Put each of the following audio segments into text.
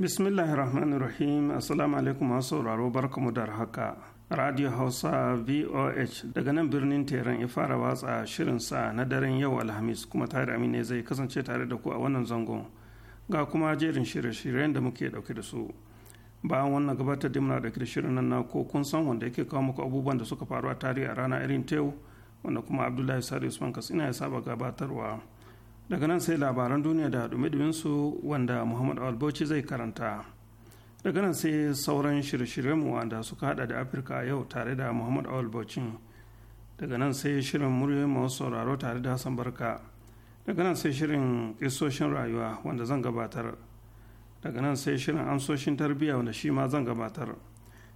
Bismillahi rahim assalamu alaikum masu sauraro barkamu da haka radio hausa voh daga nan birnin teran ya fara watsa shirinsa na daren yau alhamis kuma tare amine zai kasance tare da ku a wannan zangon ga kuma jerin shirye-shiryen da muke dauke da su bayan wannan gabatar da muna dauke da shirin nan na ko kun san wanda yake kawo muku abubuwan da suka faru a tarihi a rana irin ta wanda kuma abdullahi sadi usman katsina ya saba gabatarwa daga nan sai labaran duniya da dumi su wanda muhammad albauchi zai karanta daga nan sai sauran shirye mu wanda suka hada da afirka yau tare da muhammad albauchin daga nan sai shirin muryoyin masu sauraro tare da hassan barka daga nan sai shirin isoshin rayuwa wanda zan gabatar daga nan sai shirin amsoshin tarbiyya wanda shi ma zan gabatar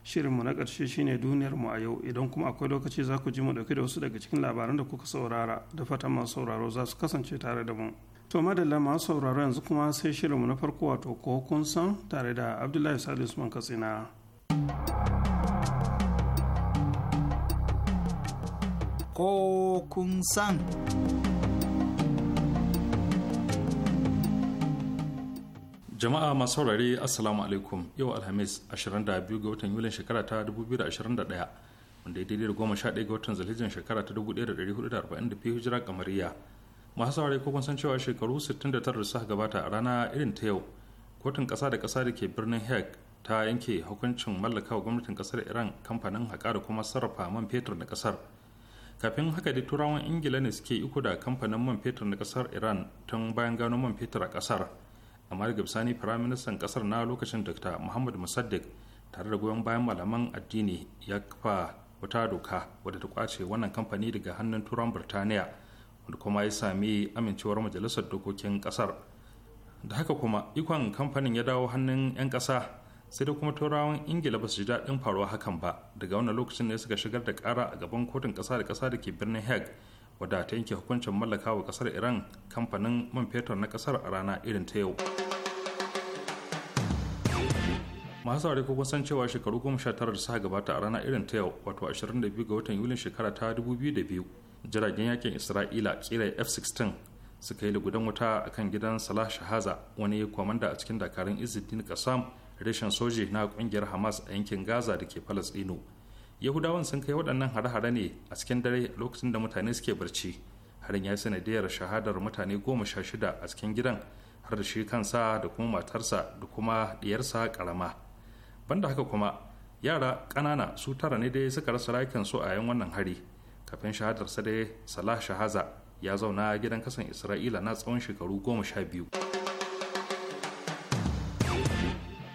shirinmu na ƙarshe shine duniyar mu a yau idan kuma akwai lokaci za ku ji mu dauke da wasu daga cikin labaran da kuka saurara da fatan masu sauraro za su kasance tare da mu to madalla masu sauraro yanzu kuma sai shirinmu na farko wato ko kun san tare da abdullahi salisu usman katsina ko kun san jama'a masu saurare assalamu alaikum yau alhamis 22 ga watan yulin shekara ta 2021 wanda ya daidai da goma sha ɗaya ga watan zalijin shekara ta 1442 hijira kamariya masu saurare ko san cewa shekaru 69 da suka gabata a rana irin ta yau kotun kasa da kasa da ke birnin hek ta yanke hukuncin mallakawa gwamnatin kasar iran kamfanin haƙa da kuma sarrafa man fetur na kasar kafin haka da turawan ingila ne suke iko da kamfanin man fetur na kasar iran tun bayan gano man fetur a kasar. amma daga bisani firaministan kasar na lokacin dr muhammad musaddiq tare da goyon bayan malaman addini ya kafa wata doka wadda ta kwace wannan kamfani daga hannun turan birtaniya wanda kuma ya sami amincewar majalisar dokokin kasar da haka kuma ikon kamfanin ya dawo hannun 'yan kasa sai da kuma turawan ingila ba su ji daɗin faruwa hakan ba daga wannan lokacin ne suka shigar da kara a gaban kotun kasa da kasa da ke birnin hague wadda ta yanke hukuncin mallakawa kasar iran kamfanin man fetur na kasar a rana irin ta yau masu ko kun san cewa shekaru goma sha tara da suka gabata a rana irin ta yau wato 22 ga watan yulin shekara ta 2002 jiragen yakin isra'ila kira f-16 suka yi lugudan wuta a kan gidan salah shahaza wani kwamanda a cikin dakarun izidin kasam reshen soji na kungiyar hamas a yankin gaza da ke palestino yahudawan sun kai waɗannan hare-hare ne a cikin dare lokacin da mutane suke barci harin ya yi sanadiyar shahadar mutane goma sha shida a cikin gidan har da shi kansa da kuma matarsa da kuma ɗiyarsa ƙarama banda haka kuma yara ƙanana su tara ne dai suka rasa su a yan wannan hari kafin shahadarsa dai salah shahaza ya zauna gidan kasan isra'ila na tsawon shekaru goma sha biyu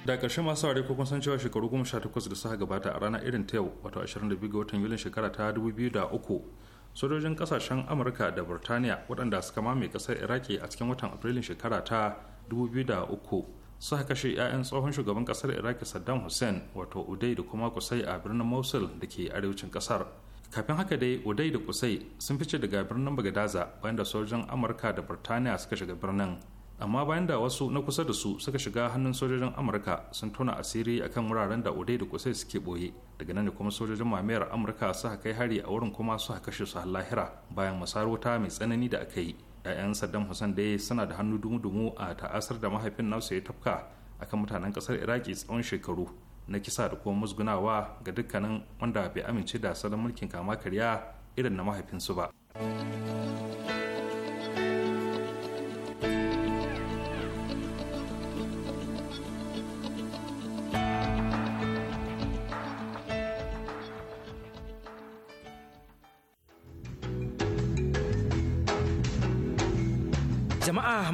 da ƙarshe masu saurari ko san cewa shekaru goma sha takwas da suka gabata a rana irin ta yau wato 22 ga watan yulin shekara ta uku sojojin kasashen amurka da burtaniya waɗanda suka mame ƙasar iraki a cikin watan afrilun shekara ta 2003 suka kashe 'ya'yan tsohon shugaban ƙasar iraki saddam hussein wato udai da kuma kusai a birnin mosul da ke arewacin ƙasar kafin haka dai udai da kusai sun fice daga birnin bagadaza bayan da sojojin amurka da burtaniya suka shiga birnin amma bayan da wasu na kusa da su suka shiga hannun sojojin amurka sun tona asiri akan wuraren da odai da kusai suke boye daga nan da kuma sojojin mamayar amurka suka kai hari a wurin kuma suka kashe su lahira bayan masarauta mai tsanani da aka yi 'ya'yan saddam hussein dai suna da hannu dumu-dumu a ta'asar da mahaifin nasu ya tafka akan mutanen ƙasar iraki tsawon shekaru na kisa da kuma musgunawa ga dukkanin wanda bai amince da salon mulkin kama karya irin na mahaifinsu ba.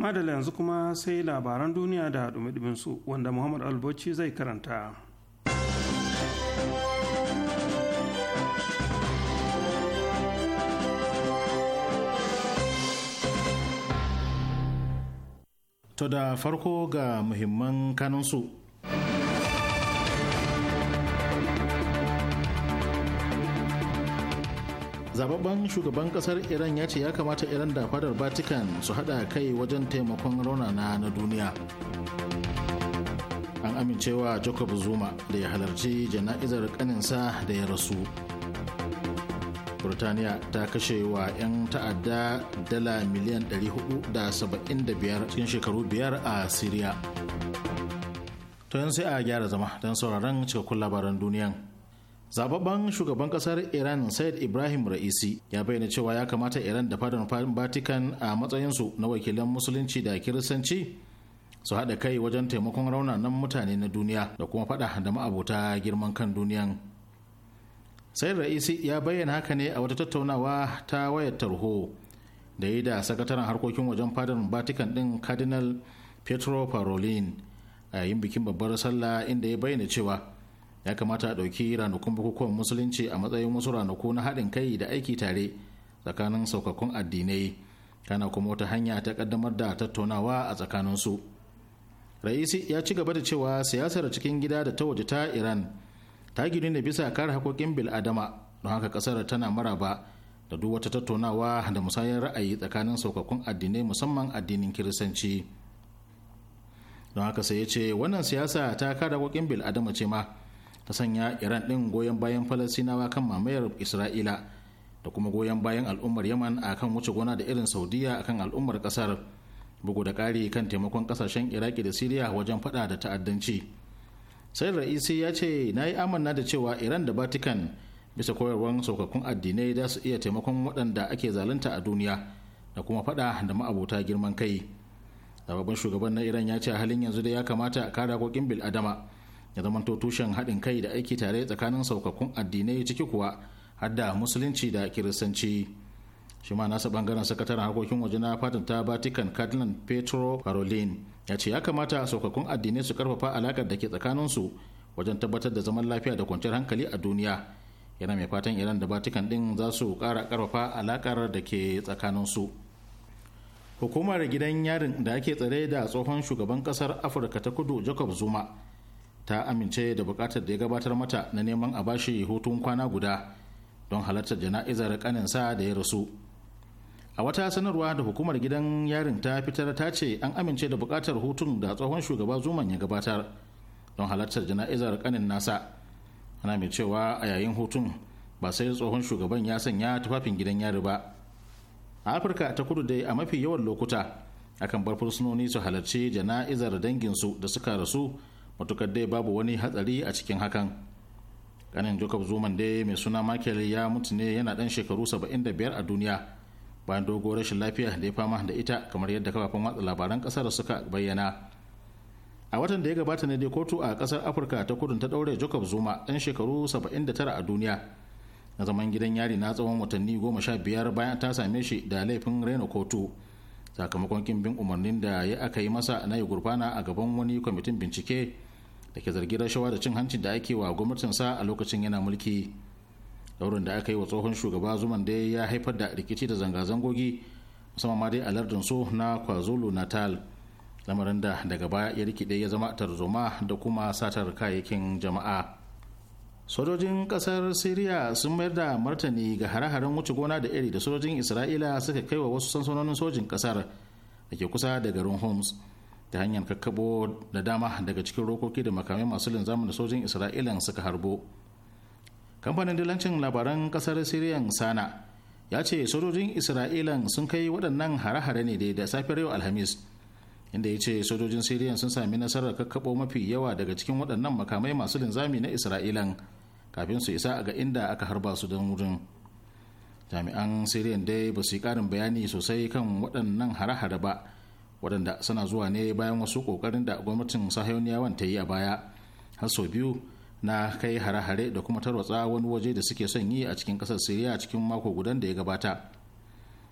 madala yanzu kuma sai labaran duniya da dumi su wanda muhammad alboci zai karanta to da farko ga muhimman kanunsu zababben shugaban kasar iran ya ce ya kamata iran da fadar vatican su hada kai wajen taimakon raunana na duniya an amincewa jacob zuma da ya halarci jana'izar kaninsa da ya rasu burtaniya ta kashe wa 'yan ta'adda dala miliyan 475 cikin shekaru biyar a syria to yanzu sai a gyara zama don sauraron cikakkun labaran duniyan zababban shugaban kasar iran said ibrahim ra'isi ya bayyana cewa ya kamata iran da fadar vatican a matsayinsu na wakilan musulunci da kiristanci su haɗa kai wajen taimakon raunanan mutane na duniya da kuma faɗa da ma'abuta girman kan duniyan said ra'isi ya bayyana haka ne a wata tattaunawa ta wayar tarho da yi da sakataren harkokin wajen fadar vatican ɗin cardinal petro parolin a yin bikin babbar sallah inda ya bayyana cewa ya kamata a ɗauki ranakun bukukuwan musulunci a matsayin wasu ranaku na haɗin kai da aiki tare tsakanin saukakkun addinai kana kuma wata hanya ta ƙaddamar da tattaunawa a tsakaninsu raisi ya ci gaba da cewa siyasar cikin gida da ta waje ta iran ta gini ne bisa kare haƙoƙin bil'adama don haka ƙasar tana maraba da duk wata tattaunawa da musayar ra'ayi tsakanin saukakkun addinai musamman addinin kiristanci don haka sai ya ce wannan siyasa ta kare haƙoƙin bil'adama ce ma ta sanya iran ɗin goyon bayan falasinawa kan mamayar isra'ila da kuma goyon bayan al'ummar yaman a kan wuce gona da irin saudiya a kan al'ummar ƙasar bugu da ƙari kan taimakon ƙasashen iraki da siriya wajen faɗa da ta'addanci sai ra'isi ya ce na yi amanna da cewa iran da vatican bisa koyarwar saukakkun addinai za su iya taimakon waɗanda ake zalunta a duniya da kuma faɗa da ma'abota girman kai. sababin shugaban na iran ya ce a halin yanzu da ya kamata a kare hakokin bil ya zama tushen haɗin kai da aiki tare tsakanin saukakkun addinai ciki kuwa har da musulunci da kiristanci shi ma nasa bangaren sakataren harkokin waje na fatan ta vatican cardinal petro caroline ya ce ya kamata saukakkun addinai su karfafa alakar da ke tsakanin su wajen tabbatar da zaman lafiya da kwanciyar hankali a duniya yana mai fatan iran da vatican din za su kara karfafa alakar da ke tsakanin su. hukumar gidan yarin da ake tsare da tsohon shugaban kasar afirka ta kudu jacob zuma ta amince da bukatar da ya gabatar mata na neman a bashi hutun kwana guda don halartar jana'izar kaninsa da ya rasu a wata sanarwa da hukumar gidan yarin ta fitar ta ce an amince da bukatar hutun da tsohon shugaba zuman ya gabatar don halartar jana'izar kanin nasa ana mai cewa a yayin hutun ba sai tsohon shugaban ya sanya tufafin gidan yari ba a afirka ta kudu dai a mafi yawan lokuta akan bar fursunoni su halarci jana'izar danginsu da suka rasu matukar dai babu wani hatsari a cikin hakan kanin jacob zuman dai mai suna michael ya mutu ne yana dan shekaru 75 a duniya bayan doguwar rashin lafiya da ya fama da ita kamar yadda kafafen watsa labaran kasar suka bayyana a watan da ya gabata ne dai kotu a kasar afirka ta kudu ta daure jacob zuma dan shekaru 79 a duniya na zaman gidan yari na tsawon watanni goma sha biyar bayan ta same shi da laifin raina kotu sakamakon kimbin umarnin da ya aka yi masa na ya gurfana a gaban wani kwamitin bincike da ke zargin rashawa da cin hancin da ake wa sa a lokacin yana mulki daurin da aka yi wa tsohon shugaba zuman da ya haifar da rikici da zanga-zangogi musamman ma dai a lardin so na kwazulu natal lamarin da daga baya ya rikide ya zama tarzoma da kuma satar kayayyakin jama'a sojojin kasar syria sun mayar da martani ga hare-haren wuce gona da iri da sojojin isra'ila suka kai wa wasu sansanonin sojin kasar da ke kusa da garin homs ta hanyar kakkabo da dama daga cikin rokoki da makamai masu linzamin da sojin isra'ilan suka harbo kamfanin dilancin labaran kasar siriyan sana ya ce sojojin isra'ilan sun kai waɗannan hare-hare ne da safiyar yau alhamis inda ya ce sojojin siriyan sun sami nasarar kakkabo mafi yawa daga cikin waɗannan makamai masu linzami na isra'ilan kafin su isa ga inda aka harba su don wurin jami'an siriyan dai ba su yi ƙarin bayani sosai kan waɗannan hare-hare ba waɗanda suna zuwa ne bayan wasu ƙoƙarin da gwamnatin sahayoniyawan ta yi a baya har sau biyu na kai hare-hare da kuma tarwatsa wani waje da suke son yi a cikin ƙasar siriya cikin mako gudan da ya gabata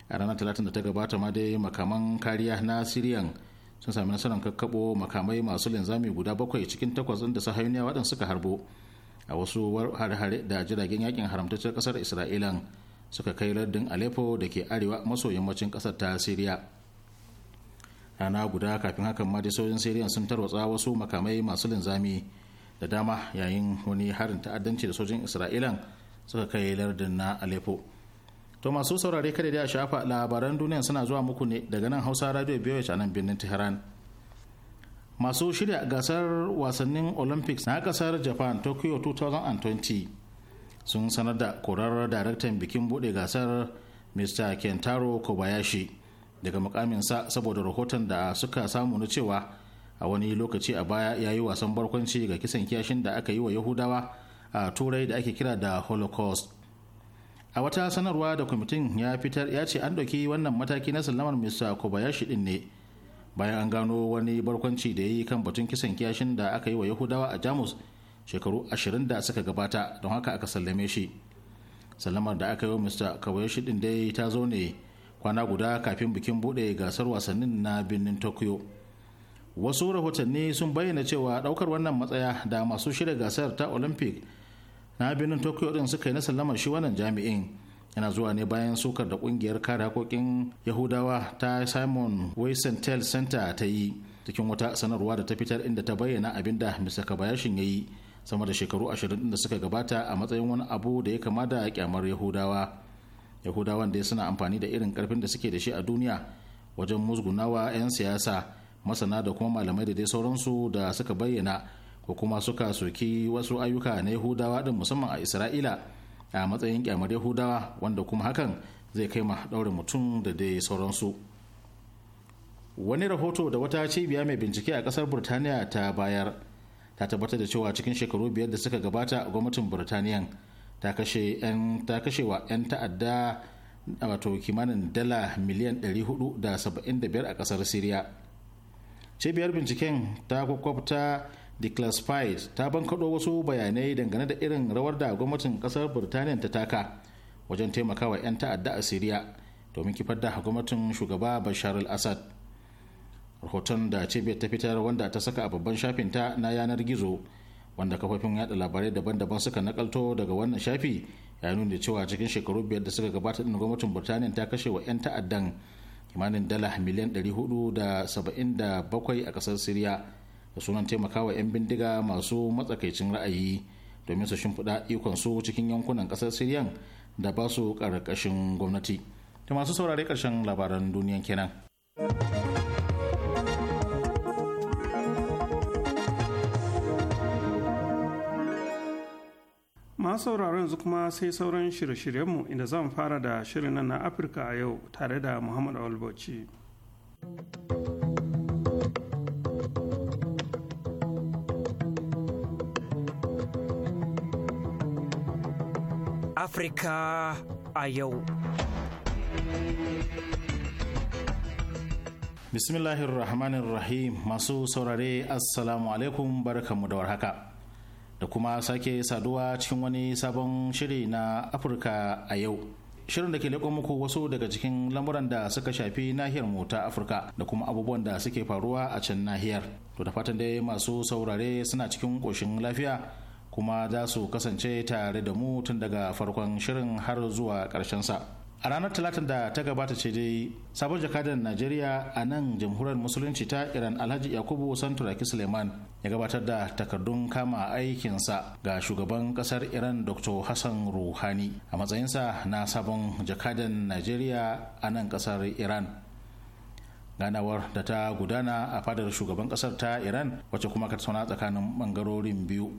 a ranar talatin da ta gabata ma dai makaman kariya na siriyan sun sami nasarar kakkaɓo makamai masu linzami guda bakwai cikin takwas da sahayoniya waɗanda suka harbo a wasu hare-hare da jiragen yakin haramtaccen ƙasar isra'ilan suka kai lardin aleppo da ke arewa maso yammacin ƙasar ta siriya rana guda kafin hakan ma sojin siriya sun tarwatsa wasu makamai masu linzami da dama yayin wani harin ta'addanci da sojin isra'ilan suka kai lardin na aleppo to masu saurare kada da shafa labaran duniya suna zuwa muku ne daga nan hausa radio biyu a nan birnin tehran masu shirya gasar wasannin olympics na kasar japan tokyo 2020 sun sanar da korar daraktan bikin bude gasar mr kentaro kobayashi daga mukaminsa saboda rahoton da suka samu na cewa a wani lokaci a baya ya yi wasan barkwanci ga kisan kiyashin da aka yi wa yahudawa a turai da ake kira da holocaust a wata sanarwa da kwamitin ya fitar ya ce an ɗauki wannan mataki na sallamar mr kobayashi din ne bayan an gano wani barkwanci da ya yi kan batun kisan kiyashin da aka yi wa yahudawa a jamus shekaru ashirin da suka gabata don haka aka sallame shi sallamar da aka yi wa mr kobayashi din dai ta zo ne kwana guda kafin bikin bude gasar wasannin na birnin tokyo wasu rahotanni sun bayyana cewa daukar wannan matsaya da masu shirya gasar ta olympic na birnin tokyo din suka yi na sallamar shi wannan jami'in yana zuwa ne bayan sukar da kungiyar kare hakokin yahudawa ta simon weisenthal center ta yi cikin wata sanarwa da ta fitar inda ta bayyana abin da mr kabayashin ya yi sama da shekaru ashirin da suka gabata a matsayin wani abu da ya kama da kyamar yahudawa yahudawan dai suna amfani da irin karfin da suke da shi a duniya wajen musgunawa 'yan siyasa masana da kuma malamai da dai sauransu da suka bayyana ko kuma suka soki wasu ayyuka na yahudawa din musamman a isra'ila a matsayin kyamar yahudawa wanda kuma hakan zai kai ma daure mutum da dai sauransu wani rahoto da wata cibiya mai bincike a kasar burtaniya ta bayar ta tabbatar da cewa cikin shekaru biyar da suka gabata gwamnatin burtaniyan ta kashe ta kashewa 'yan ta'adda wato kimanin dala miliyan 475 a kasar Siriya. Cibiyar binciken ta kwakwabta Declassified ta bankaɗo wasu bayanai dangane da irin rawar da gwamnatin kasar Birtaniya ta taka wajen taimakawa 'yan ta'adda a Siriya domin kifar da gwamnatin shugaba Bashar al-Assad. Rahoton da cibiyar ta fitar wanda ta saka a babban shafinta na yanar gizo. wanda kafofin yada labarai daban-daban suka nakalto daga wannan shafi ya nuna cewa cikin shekaru biyar da suka gabata din gwamnatin burtaniya ta kashe wa 'yan ta'addan kimanin dala miliyan 477 a kasar siriya da sunan taimakawa 'yan bindiga masu matsakaicin ra'ayi domin su shimfiɗa ikon su cikin yankunan kasar siriyan da ba su ƙarƙashin gwamnati ta masu saurare ƙarshen labaran duniyan kenan. masu sauraron yanzu kuma sai sauran shirye-shiryenmu inda zan fara da shirin nan na afirka a yau tare da muhammad awalbauchi afirka a yau bismillahirrahmanirrahim masu saurare assalamu alaikum barkanmu da warhaka. haka da kuma sake saduwa cikin wani sabon shiri na afirka a yau shirin da ke leƙo muku wasu daga cikin lamuran da suka shafi nahiyar mu ta afirka da kuma abubuwan da suke faruwa a can nahiyar to da fatan dai masu saurare suna cikin ƙoshin lafiya kuma za su kasance tare da mu tun daga farkon shirin har zuwa ƙarshen sa. a ranar talatin da ta gabata ce dai sabon jakadar najeriya a nan jamhuriyar musulunci ta iran alhaji yakubu santuraki suleiman ya gabatar da takardun kama aikinsa ga shugaban kasar iran dr hassan ruhani a matsayinsa na sabon jakadar najeriya a nan kasar iran ganawar da ta gudana a fadar shugaban kasar ta iran wacce kuma ka tsakanin bangarorin biyu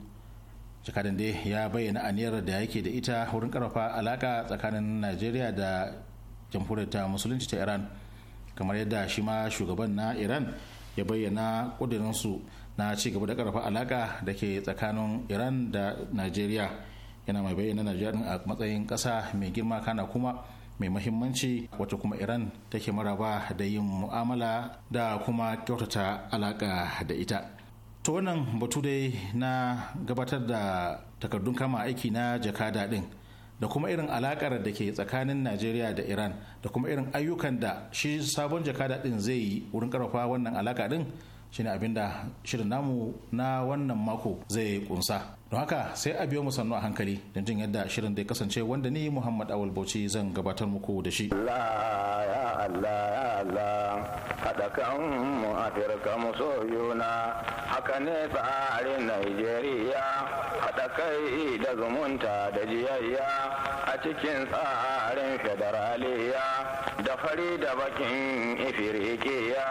jakadan dai ya bayyana aniyar da yake da ita wurin karfafa alaka tsakanin najeriya da jamhuriyar ta musulunci ta iran kamar yadda shi ma shugaban na iran ya bayyana kudirinsu na ci gaba da karfafa alaka da ke tsakanin iran da najeriya yana mai bayyana najeriya a matsayin kasa mai girma kana kuma mai mahimmanci wata kuma iran take maraba da yin mu'amala da kuma kyautata alaka da ita ta wannan batu dai na gabatar da takardun kama aiki na jakada din da kuma irin alakar da ke tsakanin najeriya da iran da kuma irin ayyukan da shi sabon jakada din zai yi wurin karfafa wannan alaka din shine abinda shirin namu na wannan mako zai kunsa don haka sai a biyo mu sannu a hankali don jin yadda shirin da kasance wanda ni muhammad awal bauchi zan gabatar muku da shi haɗa kanmu afirka mu soyuna haka ne tsarin nigeria haɗa kai da zumunta da jiyayya a cikin tsarin federaliya da fari da bakin ifirikiya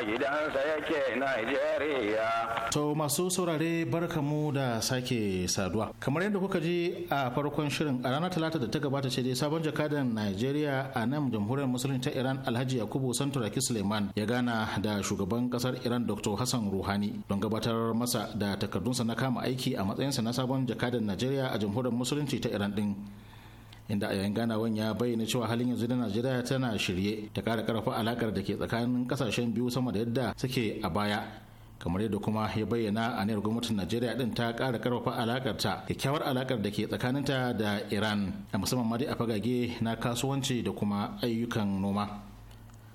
gidansa yake Najeriya. To masu saurare barkamu da sake saduwa. Kamar yadda kuka ji a farkon shirin a ranar talata da ta gabata ce dai sabon jakadan Najeriya a nan jamhuriyar musulunci ta Iran Alhaji Yakubu Santuraki Suleiman ya gana da shugaban kasar Iran Dr. Hassan Ruhani don gabatar masa da takardunsa na kama aiki a matsayinsa na sabon jakadan Najeriya a jamhuriyar musulunci ta Iran din. inda a yan ganawan ya bayyana cewa halin yanzu da najeriya tana shirye ta kara karfa alakar da ke tsakanin kasashen biyu sama da yadda suke a baya kamar yadda kuma ya bayyana a nayar gwamnatin najeriya din ta kara karfafa alakar ta kyakkyawar alakar da ke tsakaninta da iran a musamman ma dai a fagage na kasuwanci da kuma ayyukan noma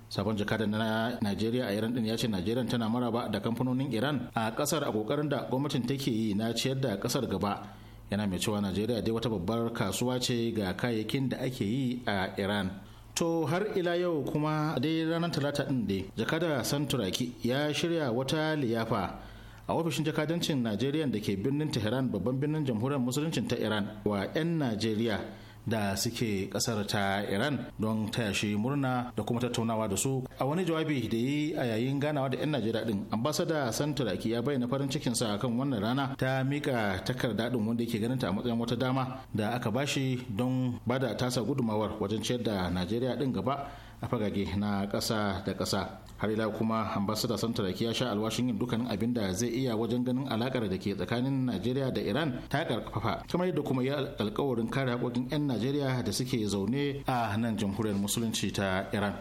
sabon jakadan na najeriya a iran din ya ce najeriya tana maraba da kamfanonin iran a kasar a kokarin da gwamnatin take yi na ciyar da kasar gaba yana mai cewa najeriya dai wata babbar kasuwa ce ga kayayyakin da ake yi a iran To har ila yau kuma dai ranar talata ɗin dai jakada santuraki ya shirya wata liyafa a ofishin jakadancin Najeriya da ke birnin Tehran babban birnin jamhuriyar musuluncin ta Iran wa 'yan Najeriya da suke kasar ta iran don taya murna da kuma tattaunawa da su a wani jawabi da yi a yayin ganawa da 'yan najeriya din ambasada santuraki ya bayyana farin cikinsa kan wannan rana ta mika takarda din wanda yake ganin ta a matsayin wata dama da aka bashi don bada tasa gudumawar wajen ciyar da najeriya din gaba a fagage na ƙasa da ƙasa har ila kuma ambasada santaraki ya sha alwashin yin dukkanin abin da zai iya wajen ganin alakar da ke tsakanin najeriya da iran ta karfafa kamar yadda kuma ya alkawarin kare haƙoƙin 'yan najeriya da suke zaune a nan jamhuriyar musulunci ta iran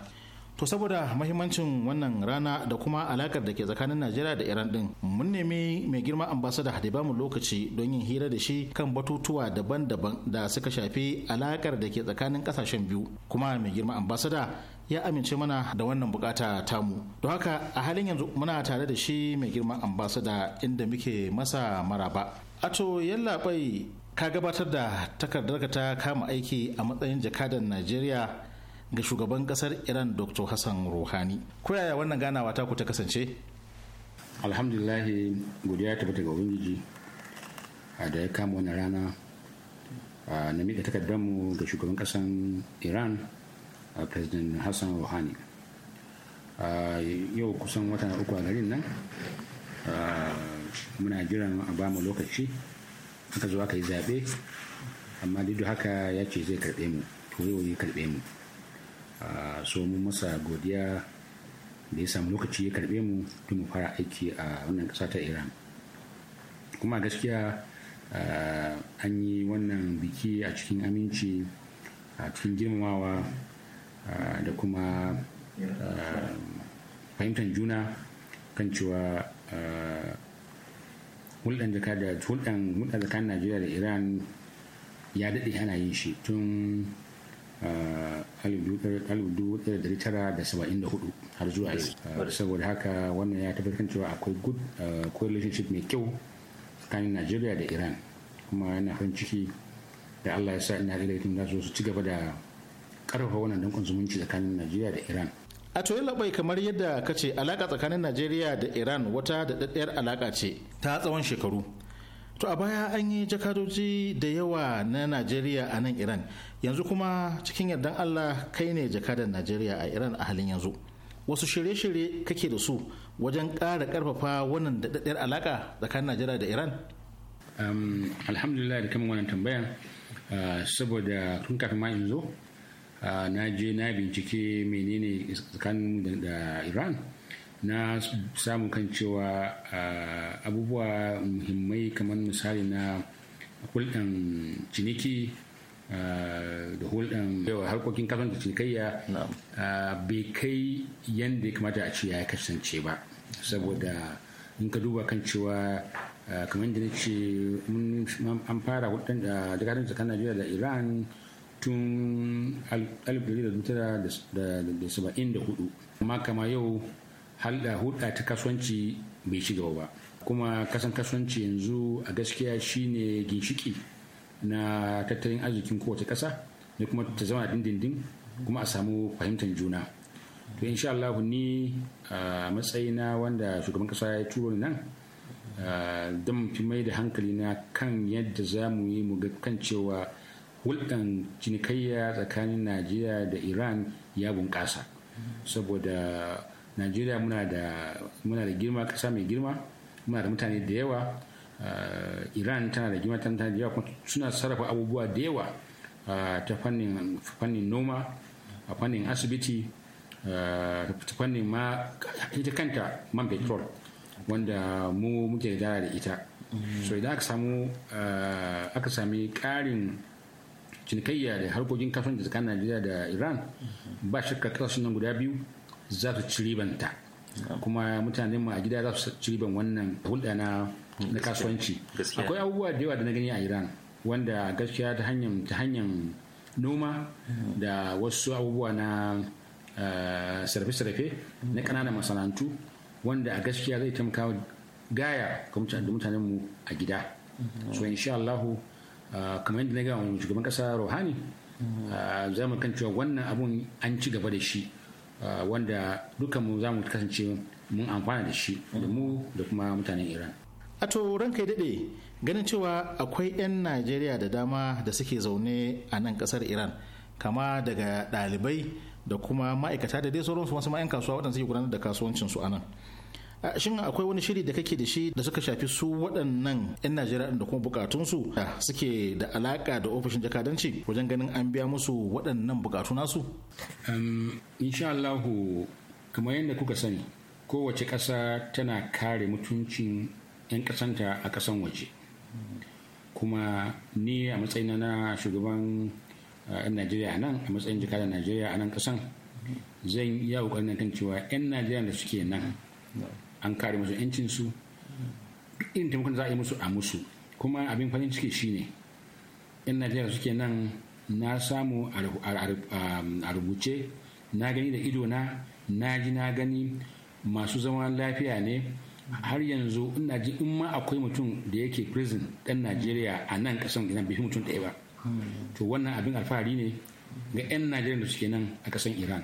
To saboda mahimmancin wannan rana da kuma alakar da ke tsakanin Najeriya da Iran din, mun nemi mai girma ambasada da ba mu lokaci don yin hira da shi kan batutuwa daban-daban da suka shafi alakar da ke tsakanin kasashen biyu. Kuma mai girma ambasada ya amince mana da wannan bukata tamu. Don haka a halin yanzu muna tare da shi mai girma ambasada inda muke masa maraba. Ato yallaɓai ka gabatar da takardar ka ta kama aiki a matsayin jakadan Najeriya ga shugaban kasar iran dr hassan ruhani koyaya wannan ganawa ta ku ta kasance alhamdulillah godiya ta bata ga ubangiji da ya kama wani rana na miƙa mu ga shugaban kasan iran president hassan ruhani yau kusan wata uku a garin nan muna jiran a ba mu lokaci aka zo aka yi zaɓe amma duk haka ya ce zai karɓe mu to yau ya karɓe mu so mun masa godiya da ya samu lokaci ya karbe mu tun mu fara aiki a wannan ƙasa ta iran kuma gaskiya an yi wannan biki a cikin aminci a cikin girmamawa da kuma fahimtar juna kan cewa hulɗar hulɗan tsakanin najeriya da iran ya daɗe ana yin shi tun 1974 har zuwa yau saboda haka wannan ya tabbatar cewa akwai good eh, relationship mai kyau tsakanin najeriya da iran kuma yana farin ciki da allah ya sa ina da laifin da su ci gaba da karfafa wannan dankon zumunci tsakanin najeriya da iran a toye labai kamar yadda ka ce alaka tsakanin najeriya da iran wata daɗaɗɗiyar alaka ce ta tsawon shekaru To a baya an yi jakadoji da yawa na Najeriya a nan Iran yanzu kuma cikin yardan Allah kai ne jakadan Najeriya a Iran a halin yanzu. Wasu shirye-shirye kake da su wajen ƙara ƙarfafa wannan daɗaɗɗiyar alaƙa tsakanin Najeriya da Iran? Um, alhamdulillah da kamin wannan tambaya uh, saboda tun kafin ma in zo ah, na je na bincike menene tsakanin da Iran. na samun kan cewa abubuwa muhimmai kamar misali na hulɗan ciniki da hulɗan harkokin kasan da cinikayya bai kai yadda ya kamata a ce ya kasance ba saboda in ka duba kan cewa kamar da ce an fara hulɗan da dakarun tsakanin najeriya da iran tun 1974 amma kama yau hulɗa ta kasuwanci bai shiga gaba ba kuma kasan kasuwanci yanzu a gaskiya shine ginshiki na tattalin arzikin kowace ƙasa da kuma ta zama dindindin kuma a samu fahimtar juna to insha Allah ni a na wanda shugaban ƙasa ya turo ni nan don fi mai da hankali na kan yadda za mu yi mu ga kan cewa hulɗan cinikayya tsakanin najeriya da iran ya bunƙasa saboda najeriya muna da girma kasa mai girma muna da mutane da yawa eh, iran tana da girma tana da yawa suna sarrafa abubuwa da yawa eh, ta fannin noma a fannin asibiti eh, ta fannin ma ita kanta man petrol wanda mu muke da da ita so idan aka samu aka sami karin cinikayya da harkokin kasuwanci tsakanin najeriya da iran ba shakka kasashen nan guda biyu za su ci ribanta kuma mutane mu a gida za su ci riban wannan hulɗa na na kasuwanci akwai abubuwa da yawa da na gani a iran wanda gaskiya ta hanyar ta hanyar noma da wasu abubuwa na eh, sarfe-sarfe na ƙananan masana'antu wanda a gaskiya zai taimaka gaya ga mutanen mu a gida so insha Allah eh, kamar yadda na gaya wa shugaban ƙasa rohani eh, za mu kan cewa wannan abun an ci gaba da shi wanda mu za mu kasance mun amfana da shi da mu da kuma mutanen iran a to ranka ya daɗe ganin cewa akwai 'yan najeriya da dama da suke zaune a nan kasar iran kama daga ɗalibai da kuma ma'aikata da dai sauransu wasu ma'yan kasuwa waɗanda suke gudanar da kasuwancinsu a nan shin akwai wani shiri da kake da shi da suka shafi su waɗannan 'yan najeriya da kuma bukatunsu da suke da alaka da ofishin jakadanci wajen ganin an biya musu waɗannan bukatu nasu insha allahu kamar yadda kuka sani kowace ƙasa tana kare mutuncin 'yan ƙasanta a ƙasan waje kuma ni a matsayin na shugaban 'yan najeriya nan a matsayin jakadan najeriya a nan ƙasan zan iya ƙoƙarin kan cewa 'yan najeriya da suke nan an kare musu yancin su irin taimakon za a yi musu a musu kuma abin farin ciki shine yan najeriya suke nan na samu a um, rubuce na gani da ido na na ji na gani masu zaman lafiya ne har yanzu ina ji in ma akwai mutum da yake prison dan najeriya a nan kasan gina bai mutum daya ba to wannan abin alfahari ne ga 'yan najeriya da suke nan a kasan iran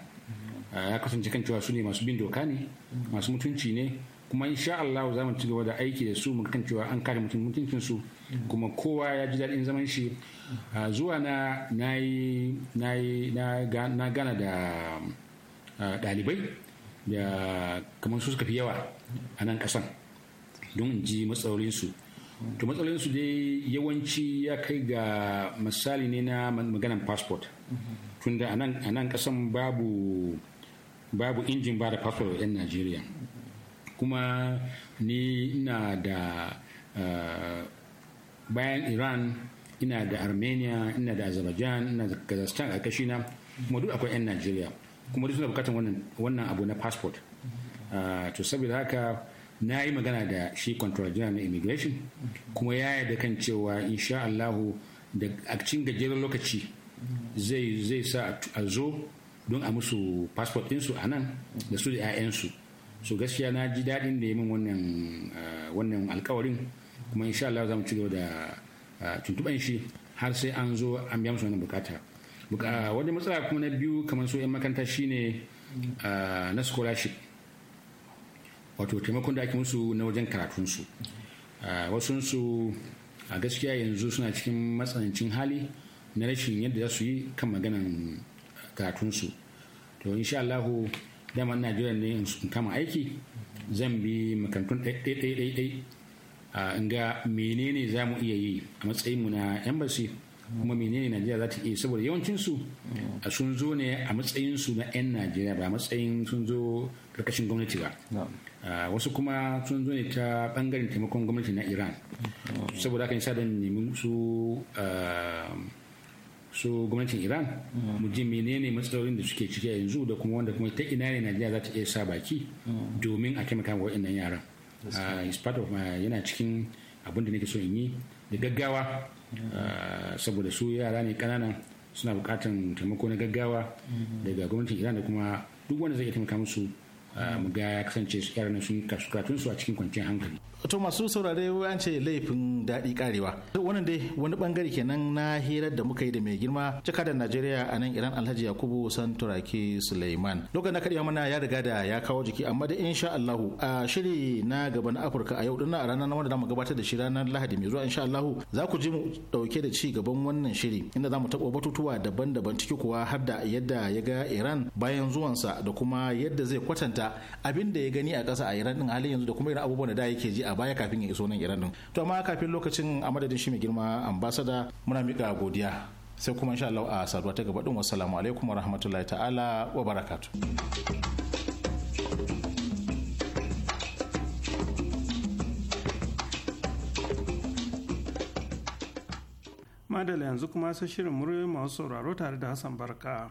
Eh, ya kasance kan cewa su ne masu bin doka ne masu mutunci ne kuma insha Allah za mu ci gaba da aiki da su mu kan cewa an kare mutum mutuncin su kuma kowa ya ji daɗin zaman shi eh, zuwa na na gana da eh, ɗalibai da kamar su suka fi yawa a nan ƙasan don in ji matsalolinsu to matsalolinsu dai yawanci ya kai ga misali ne na maganan passport tunda a nan ƙasan babu babu injin ba da fasfo 'yan najeriya kuma ni ina da eh, bayan iran ina da armenia ina da azerbaijan ina da kazakhstan a kashina kuma duk akwai 'yan najeriya kuma duk suna bukatar wannan abu na passport eh, to saboda haka na yi magana da shi control general na immigration kuma ya yarda kan cewa insha allahu da a cikin gajeren lokaci zai sa a zo don a musu passport ɗinsu a nan da su da 'ya'yansu so gaskiya na ji daɗin da ya min eh, wannan alkawarin kuma insha Allah za mu ci gaba da eh, tuntuɓan shi har sai an zo an biya musu wannan bukata wani matsala kuma na biyu kamar su 'yan makaranta ne eh, na scholarship wato taimakon da ake musu na wajen karatunsu wasunsu a gaskiya yanzu suna cikin matsanancin hali na rashin yadda za su yi kan maganan karatunsu to insha Allahu daman Najeriya ne in kama aiki zan bi makantun ɗaiɗaiɗaiɗai a ga menene za mu iya yi a matsayinmu na embassy kuma menene Najeriya za ta iya saboda yawancinsu a sun zo ne a matsayinsu na 'yan Najeriya ba a matsayin sun zo karkashin gwamnati ba wasu kuma sun zo ne ta bangaren taimakon gwamnati na Iran saboda haka nisa da nemi su su gwamnatin iran mu ji menene matsalolin da suke ciki a yanzu da kuma wanda kuma ta ina ne najeriya za ta iya sa baki domin a taimaka wa waɗannan yaran ah, is part of yana cikin abin da nake so in yi da gaggawa ah, saboda su yara ne kananan suna bukatan taimako na gaggawa daga gwamnatin iran da kuma duk wanda zai iya taimaka musu ah, mu ga ya kasance yaran sun kasu karatunsu a cikin kwanciyar hankali to masu saurare an ce laifin daɗi karewa wannan dai wani bangare kenan na hirar da muka yi da mai girma cika da najeriya a nan iran alhaji yakubu santurake suleiman lokacin na karya mana ya riga da ya kawo jiki amma da insha allahu a shiri na gaban afirka a yau din a ranar wanda zamu gabatar da shi ranar lahadi mai zuwa insha allahu za ku ji mu dauke da ci gaban wannan shiri inda zamu taɓa batutuwa daban-daban ciki kuwa har da yadda ya ga iran bayan zuwansa da kuma yadda zai kwatanta abin da ya gani a ƙasa a iran din halin yanzu da kuma irin abubuwan da da yake ji a baya kafin ya iso nan iran din to amma kafin lokacin a madadin shi mai girma ambasada muna miƙa godiya sai kuma insha Allah a saduwa ta gaba din wassalamu alaikum wa rahmatullahi ta'ala wa barakatuh madala yanzu kuma sai shirin muryoyi masu sauraro tare da hassan barka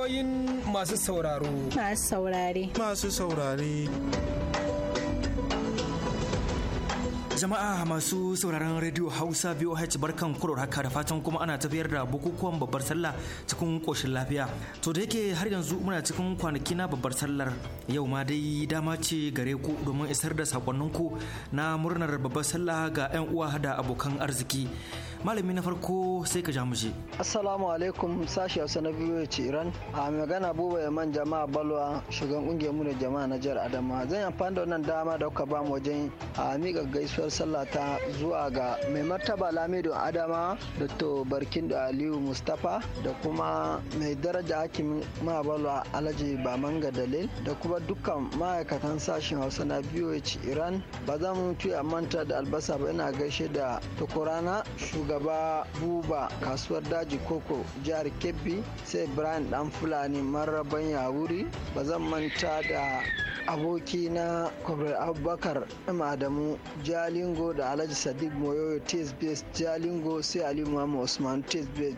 ra'ayoyin masu sauraro. Masu saurare. Masu saurare. Jama'a masu sauraron Radio Hausa VOH barkan kurar haka da fatan kuma ana tafiyar da bukukuwan babbar sallah cikin koshin lafiya. To da yake har yanzu muna cikin kwanaki na babbar sallar yau ma dai dama ce gare ku domin isar da sakonninku na murnar babbar sallah ga 'yan uwa da abokan arziki. malami na farko sai ka ja assalamu alaikum sashi hausa na biyu ce iran a magana buba ya man jama'a balwa shugaban kungiyar mu da jama'a na jihar adama zan amfani da wannan dama da kuka bamu wajen a miƙa gaisuwar sallah ta zuwa ga mai martaba lamido adama dr barkindo aliyu mustapha da kuma mai daraja hakimin balwa alhaji bamanga dalil da kuma dukkan ma'aikatan sashen hausa na boh iran ba zan tuya manta da albasa ba yana gaishe da tukurana shugaban shugaba buba kasuwar daji koko jihar kebbi sai brian dan fulani marraban wuri ba zan manta da aboki na Abubakar abubakar adamu jalingo da alhaji sadiq moyoyo test base jalingo sai ali muhammad usman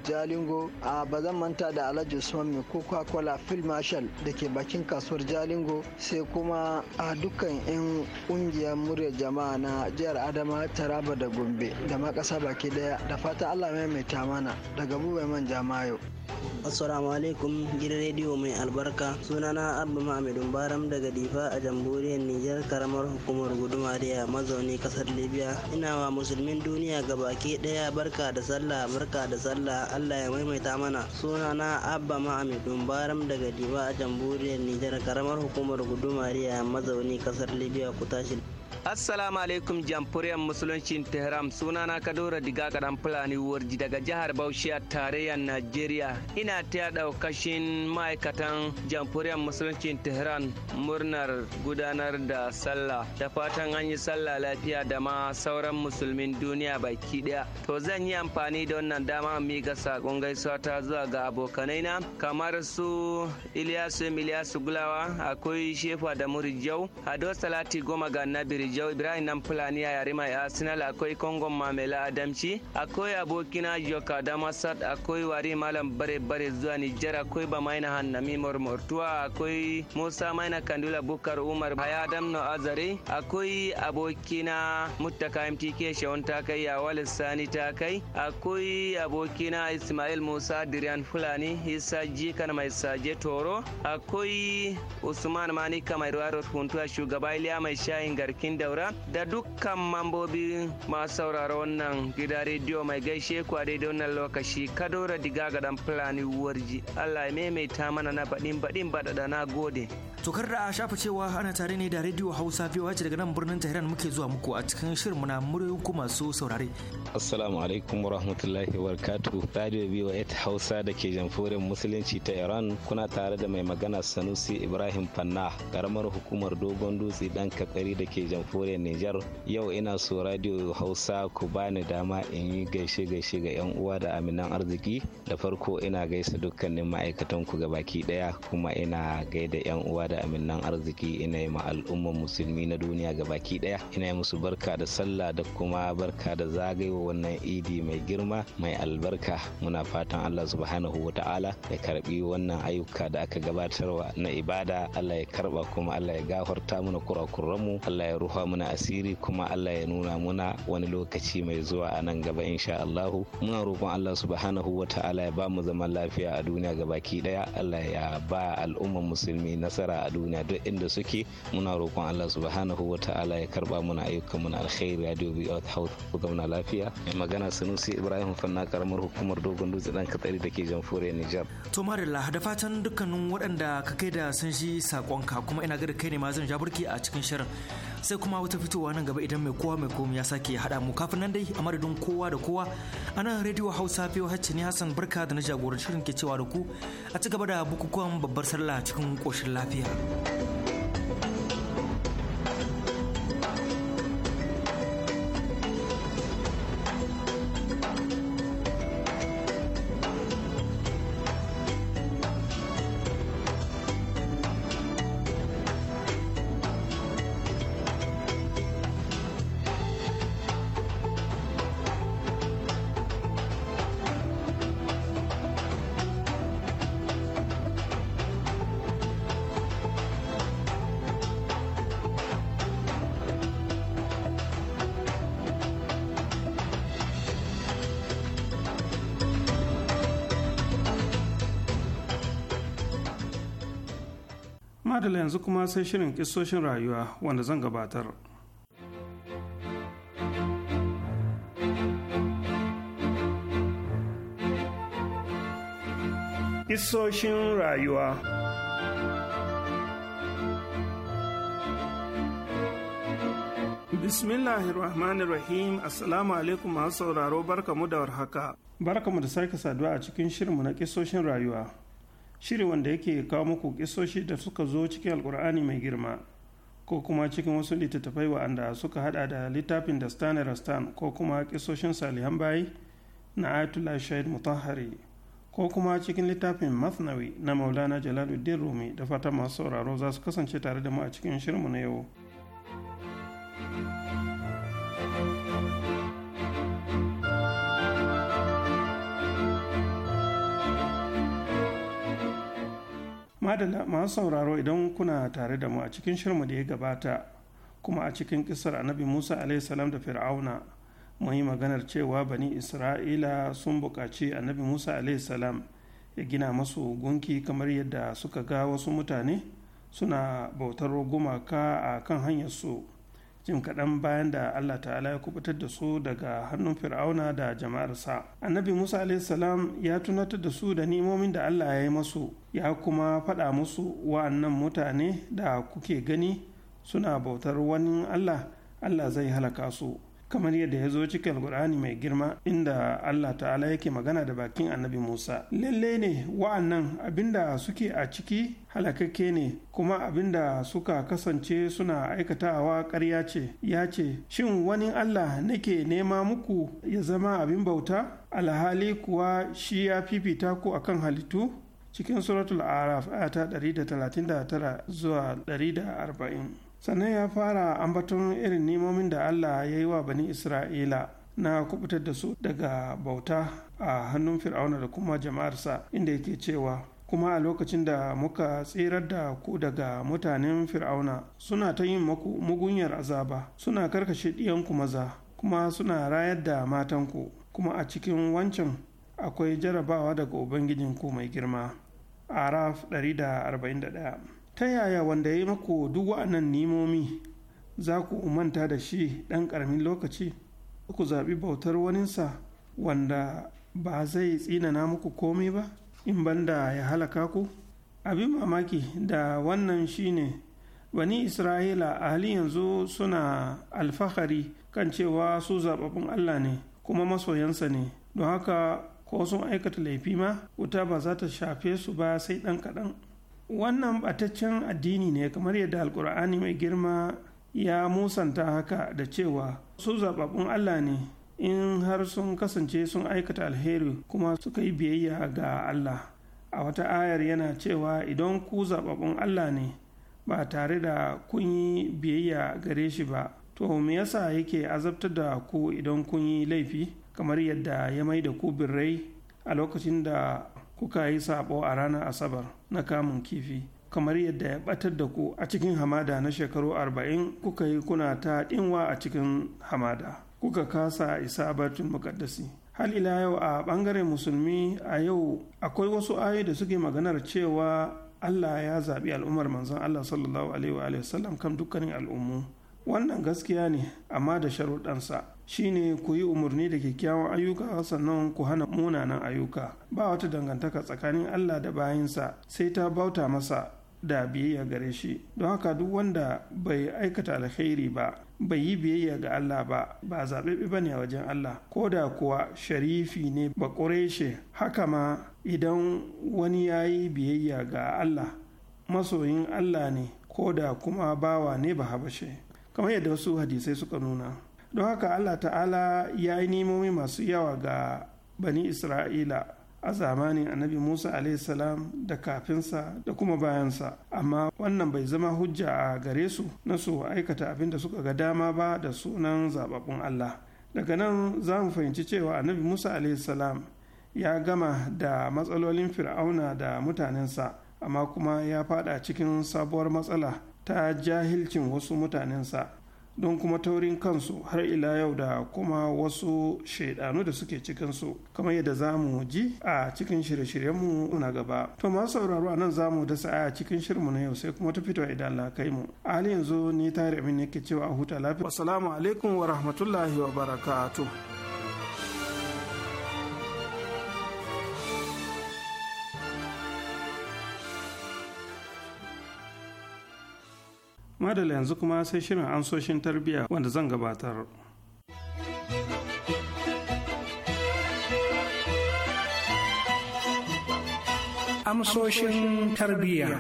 jalingo a ba zan manta da alhaji usman mai coca kwala phil marshall da ke bakin kasuwar jalingo sai kuma a dukkan yan kungiyar murya jama'a na jihar adama taraba da gombe da makasa baki daya da fata allah maimaita mana daga bubai manja mayo Assalamu alaikum gidan rediyo mai albarka sunana Abba Ma'amidun Baram daga Difa a jamhuriyar Nijar karamar hukumar guduma da mazauni kasar Libya ina wa musulmin duniya gabaki daya barka da sallah barka da sallah Allah ya maimaita mana sunana Abba Ma'amidun Baram daga Difa a jamhuriyar Nijar karamar hukumar guduma da mazauni kasar Libya ku tashi Assalamu alaikum jamhuriyar musuluncin Tehran sunana Kadora Diga kadan Fulani Warji daga jihar Bauchi a tarayyar Najeriya. Ina taya daukashin ma'aikatan jamhuriyar musuluncin Tehran murnar gudanar da sallah da fatan an yi sallah lafiya da ma sauran musulmin duniya baki daya. To zan yi amfani da wannan dama miƙa sakon gaisuwa ta zuwa ga abokanai na kamar su Ilyasu Iliyasu Gulawa akwai Shefa da Murijau Ado Salati Goma ga nabi Jau ibrahim nan fulani a yare mai arsenal akwai kongon mamela adamci akwai abokina joka damasat akwai wari malam bare bare zuwa nijar akwai bamaina hannami Murmurtuwa akwai musa maina kandula bukar umar haya adam no azare akwai abokina muttaka mtk shawon takai yawal sani takai akwai abokina ismail musa dirian fulani isa jikan mai saje toro akwai usman manika mai ruwa shugaba iliya mai shayin garkin birnin daura da dukkan mambobi masu sauraro wannan gida rediyo mai gaishe ku a daidai wannan lokaci kadora diga ga dan fulani warji allah ya maimaita mana na baɗin baɗin baɗaɗa na gode. tokar da a shafa cewa ana tare ne da rediyo hausa wace daga nan birnin tehran muke zuwa muku a cikin shirin muna muryoyin ku masu saurare. assalamu alaikum wa barakatu radio hausa da ke jamforin musulunci ta iran kuna tare da mai magana sanusi ibrahim fanna karamar hukumar dogon dutse dan katsari da ke jamhuriyar Nijar. Yau ina so radio Hausa ku bani dama in yi gaishe gaishe ga 'yan uwa da aminan arziki. Da farko ina gaisa dukkanin ma'aikatan ku gabaki daya kuma ina gaida 'yan uwa da aminan arziki ina yi ma al'ummar musulmi na duniya gabaki daya. Ina yi musu barka da sallah da kuma barka da zagayowa wannan idi mai girma mai albarka muna fatan Allah subhanahu wataala ya karbi wannan ayyuka da aka gabatarwa na ibada Allah ya karba kuma Allah ya gafarta mana kurakuranmu Allah ya ruhu. rufa muna asiri kuma Allah ya nuna muna wani lokaci mai zuwa a nan gaba insha Allahu muna roƙon Allah subhanahu wa ta'ala ya ba mu zaman lafiya a duniya gabaki daya Allah ya ba al'ummar musulmi nasara a duniya duk inda suke muna roƙon Allah subhanahu wa ta'ala ya karba muna ayyukan muna alkhairi radio bi out house ku zauna lafiya magana Sanusi Ibrahim Fanna karamar hukumar Dogon Dutse dan Katsari dake a Nijar to marilla da fatan dukkanin waɗanda ka kai da san shi sakonka kuma ina ga da kai ne ma zan jaburki a cikin shirin sai kuma wata fitowa nan gaba idan mai kowa mai komi ya sake haɗa mu kafin nan dai a madadin kowa da kowa a nan rediyo hausa fiye hacci ne hassan barka da na jagoranci shirin ke cewa da ku a ci gaba da bukukuwan babbar sallah cikin koshin lafiya. yanzu kuma sai shirin kisoshin rayuwa wanda zan gabatar. Kisoshin rayuwa Bismillahirrahmanirrahim Assalamu alaikum masu sauraro barkamu da warhaka. Barkamu da sake saduwa a cikin shirin mu na kisoshin rayuwa. shiri wanda yake kawo muku kisoshi da suka zo cikin alkur'ani mai girma ko kuma cikin wasu littattafai wa'anda suka hada da littafin da stan rastan ko kuma kisoshin salihan bayi na ayatollah shahid mutahari ko kuma cikin littafin masnawi na maulana jalaluddin rumi da fatan masu sauraro za su kasance tare da mu a cikin shirinmu na yau. madalla masu sauraro idan kuna tare da mu a cikin shirmu da ya gabata kuma a cikin kisar annabi musa salam da fir'auna mun yi maganar cewa bani isra'ila sun buƙaci annabi musa salam ya gina masu gunki kamar yadda suka ga wasu mutane suna bautar gumaka a kan hanyarsu jin kaɗan bayan da allah ta'ala ya kubutar da su daga hannun fir'auna da jama'arsa annabi musa salam ya tunatar da su da nimomin da allah ya yi masu ya kuma faɗa musu wa'annan mutane da kuke gani suna bautar wani allah allah zai halaka su kamar yadda ya zo cikin alkur'ani mai girma inda Allah ta'ala yake magana da bakin annabi Musa lalle ne wa'annan abinda suke a ciki halakakke ne kuma abinda suka kasance suna aikatawa ƙarya ce ya ce shin wani Allah nake nema muku ya zama abin bauta alhali kuwa shi ya fifita ku akan halittu cikin suratul araf ayata 139 zuwa 140 sannan ya fara ambaton irin nemomin da allah ya yi wa bani isra'ila na kubutar da su daga bauta a hannun fir'auna da kuma jama'arsa inda yake cewa kuma a lokacin da muka tsirar da ku daga mutanen fir'auna suna ta yin maku mugunyar azaba suna karkashe ɗiyanku maza kuma suna rayar da matanku kuma a cikin wancan akwai jarabawa daga ubangijinku mai girma araf 141 ta yaya wanda ya yi mako duk wa'annan nimomi za ku manta da shi ɗan ƙaramin lokaci ku zaɓi bautar waninsa wanda ba zai tsina na muku komai ba in banda ya halaka ku abin mamaki da wannan shine bani isra'ila a halin yanzu suna alfahari kan cewa su zaɓaɓɓun allah ne kuma masoyansa ne don haka ko sun aikata laifi ma wuta ba za ta shafe su ba sai ɗan kaɗan wannan bataccen addini ne kamar yadda alkur'ani mai girma ya musanta haka da cewa su zaɓaɓɓun allah ne in har sun kasance sun aikata alheri kuma suka yi biyayya ga allah a wata ayar yana cewa idan ku zaɓaɓɓun allah ne ba tare da kun yi biyayya gare shi ba to me yasa yake azabtar da ku idan kun yi laifi kamar yadda ya mai da ku birrai a lokacin da kuka yi saɓo a ranar asabar na kamun kifi kamar yadda ya batar da ku a cikin hamada na shekaru arba'in kuka yi kuna ta dinwa a cikin hamada kuka kasa isa batun mukaddasi hal ila yau a bangaren musulmi a yau akwai wasu ayoyi da suke maganar cewa allah ya zaɓi al'ummar manzon allah sallallahu alaihi wa sallam kan dukkanin al'ummu wannan gaskiya ne amma da sharuɗansa shine ku yi umarni da kyakkyawan ayyuka sannan ku hana munanan ayyuka ba wata dangantaka tsakanin Allah da bayinsa sai ta bauta masa da biyayya gare shi don haka duk wanda bai aikata alkhairi ba bai yi biyayya ga Allah ba ba zaɓaɓɓe ba ne a wajen Allah ko da kuwa sharifi ne ba ƙureshe haka ma idan wani ya yi biyayya ga Allah masoyin Allah ne ko da kuma bawa ne ba habashe kamar yadda wasu hadisai suka nuna don haka allah ta'ala ya yi nimomi masu yawa ga bani isra'ila a zamanin annabi musa salam da kafinsa da kuma bayansa amma wannan bai zama hujja a gare su na su aikata abin da suka ga dama ba da sunan zababbun allah daga nan za mu fahimci cewa annabi musa salam ya gama da matsalolin fir'auna da mutanensa amma kuma ya fada cikin sabuwar matsala ta jahilcin wasu mutanensa don kuma taurin kansu har ila yau da kuma wasu shaidanu da suke cikinsu kamar yadda za mu ji a cikin shirye-shiryenmu na gaba to masu sauraro a nan za mu dasa a cikin shirmu na yau sai kuma ta fito idan la kai mu a hali yanzu ni tare amin yake cewa a huta lafiya assalamu alaikum wa rahmatullahi wa barakatuh madala yanzu kuma sai shirin ansoshin tarbiyya wanda zan gabatar amsoshin tarbiyya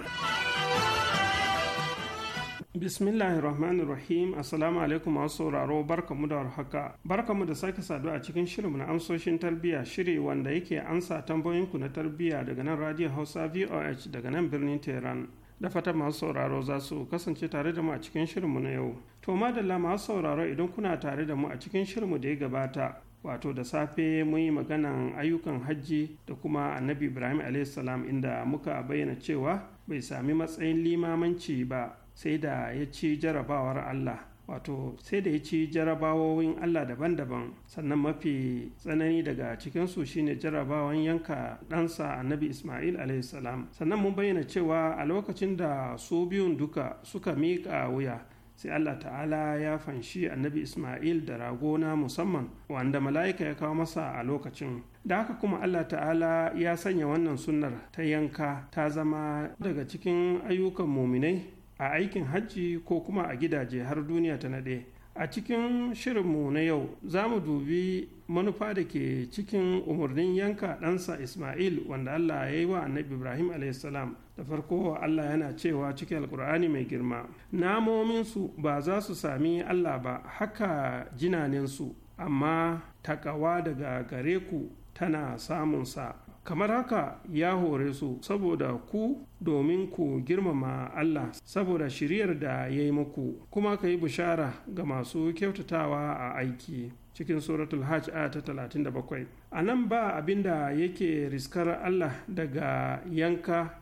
bismillahi rahmanir rahim assalamu alaikum masu sauraro barkamu da warhaka mu da sake saduwa a cikin shirin na amsoshin tarbiyya shiri wanda yake ansa tambayoyinku na tarbiyya daga nan radio hausa voh daga nan birnin tehran da fata masu sauraro za su kasance tare da mu a cikin shirinmu na yau to madalla masu sauraro idan kuna tare da mu a cikin shirinmu da ya gabata wato da safe mun yi maganan ayyukan hajji da kuma annabi ibrahim salam inda muka bayyana cewa bai sami matsayin limamanci ba sai da ya ci jarabawar allah wato sai da ya ci jarabawowin Allah daban-daban sannan mafi tsanani daga cikinsu shine jarabawan yanka ɗansa annabi Ismail salam sannan mun bayyana cewa a lokacin da su biyun duka suka miƙa wuya sai Allah ta'ala ya fanshi annabi Ismail da rago na musamman wanda mala'ika ya kawo masa a lokacin da haka kuma Allah ta'ala ya sanya wannan sunnar ta yanka ta zama daga cikin ayyukan muminai a aikin hajji ko kuma a gidaje har duniya ta naɗe a cikin shirinmu na yau za mu dubi manufa da ke cikin umarnin yanka ɗansa ismail wanda allah ya yi wa annabi ibrahim salam da farko allah yana cewa cikin alkur'ani mai girma namominsu ba za su sami allah ba haka jinaninsu amma takawa daga gare ku tana samunsa kamar haka ya hore su saboda ku domin ku girmama Allah saboda shiryar da ya yi muku kuma ka yi bishara ga masu kyautatawa a aiki cikin suratul hajj a ta 37 a nan ba abin da yake riskar Allah daga yanka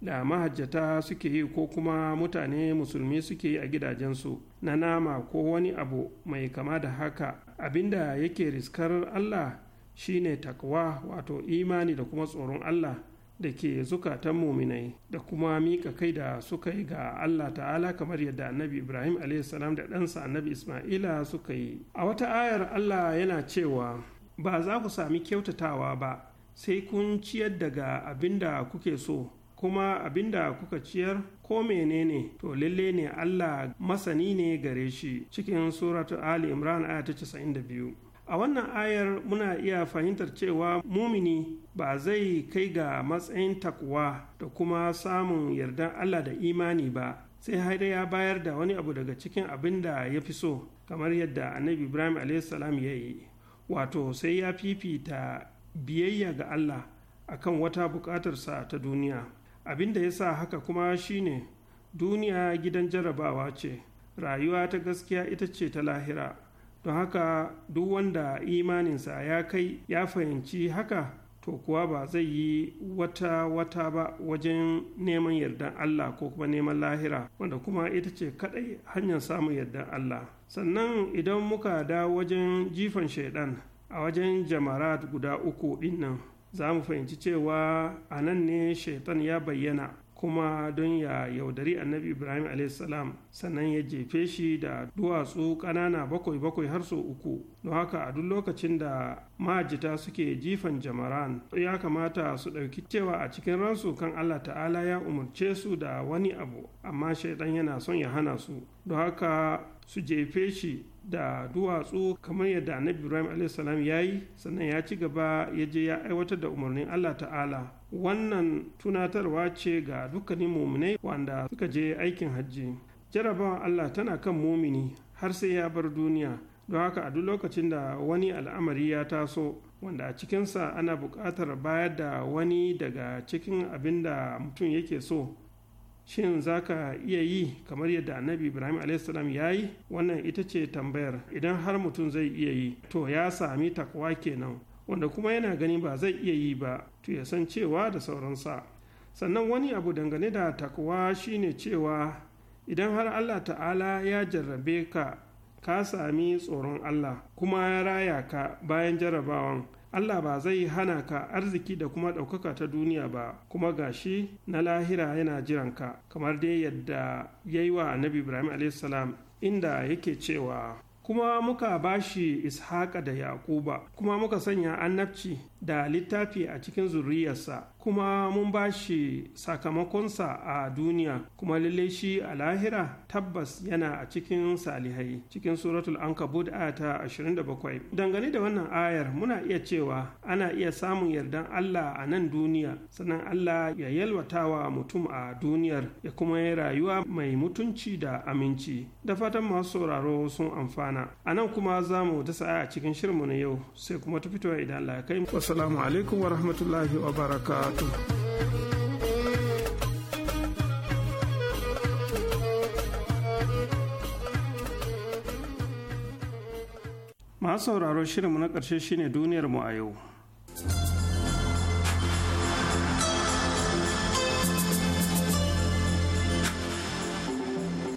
da mahajjata suke yi ko kuma mutane musulmi suke yi a gidajensu na nama ko wani abu mai kama da haka abinda yake riskar Allah shine takwa wato imani da kuma tsoron Allah da ke zukatan muminai da kuma miƙa kai da suka yi ga Allah ta'ala kamar yadda annabi Ibrahim salam da ɗansa annabi Ismaila suka yi. A wata ayar Allah yana cewa ba za ku sami kyautatawa ba sai kun ciyar daga abin da kuke so kuma abin da kuka ciyar ko menene to lalle ne Allah masani ne gare shi cikin suratu Ali Imran aya ta 92. a wannan ayar muna iya fahimtar cewa mumini ba zai kai ga matsayin takwa da kuma samun yardar allah da imani ba sai har ya bayar da wani abu daga cikin abin da ya fi so kamar yadda annabi ibrahim salam ya yi wato sai ya fifita biyayya ga allah a kan wata bukatarsa ta duniya abin da ya sa haka kuma shine duniya gidan jarabawa ce rayuwa ta gaskiya ita ce ta lahira don haka duk wanda imaninsa ya kai ya fahimci haka to kuwa ba zai yi wata wata ba wajen neman yardan Allah ko kuma neman lahira wanda kuma ita ce kadai hanyar samun yardan Allah sannan idan muka da wajen jifan shaidan a wajen jamarat guda uku dinnan za mu fahimci cewa a nan ne shaitan ya bayyana kuma don ya yaudari annabi ibrahim salam sannan ya jefe shi da duwatsu ƙanana bakwai bakwai har sau uku don haka a duk lokacin da ma'ajita suke jifan jamaran ya kamata su ɗauki cewa a cikin ransu kan allah ta'ala ya umarce su da wani abu amma shaidan yana son ya hana su don haka su jefe shi da duwatsu kamar yadda annabi ibrahim salam ya yi sannan ya ci gaba ya je ya aiwatar da umarnin allah ta'ala wannan tunatarwa ce ga dukkanin muminai wanda suka je aikin hajji jarabawan allah tana kan mumini har sai ya bar duniya don haka a duk lokacin da wani al'amari ya taso wanda a cikinsa ana buƙatar bayar da wani daga cikin abin da mutum yake so shin za ka iya yi kamar yadda annabi ibrahim a.s. ya yi wannan ita ce tambayar idan har mutum zai iya yi to ya sami takwa kenan wanda kuma yana gani ba zai iya yi ba to ya san cewa da sauransa sannan wani abu dangane da takwa shine cewa idan har allah ta'ala ya jarrabe ka ka sami tsoron allah kuma ya raya ka bayan jarrabawan allah ba zai hana ka arziki da kuma ɗaukaka ta duniya ba kuma gashi na lahira yana jiranka kamar dai yadda ya yi wa annabi ibrahim a.s. inda yake cewa kuma muka bashi ishaqa da yaquba kuma muka sanya annabci da littafi a cikin zuriyarsa kuma mun ba shi sakamakonsa a duniya kuma lalle shi a lahira tabbas yana a cikin salihai cikin suratul ankabut aya ta 27 dangane da wannan ayar muna iya cewa ana iya samun yardan Allah a nan duniya sannan Allah ya yalwatawa mutum a duniyar ya kuma yi rayuwa mai mutunci da aminci da fatan masu sauraro sun amfana a nan kuma za mu dasa a cikin shirinmu na yau sai kuma ta fito idan Allah ya kai wassalamu alaikum wa rahmatullahi wa baraka hudu. masu sauraro shirinmu na ƙarshe shine mu a yau.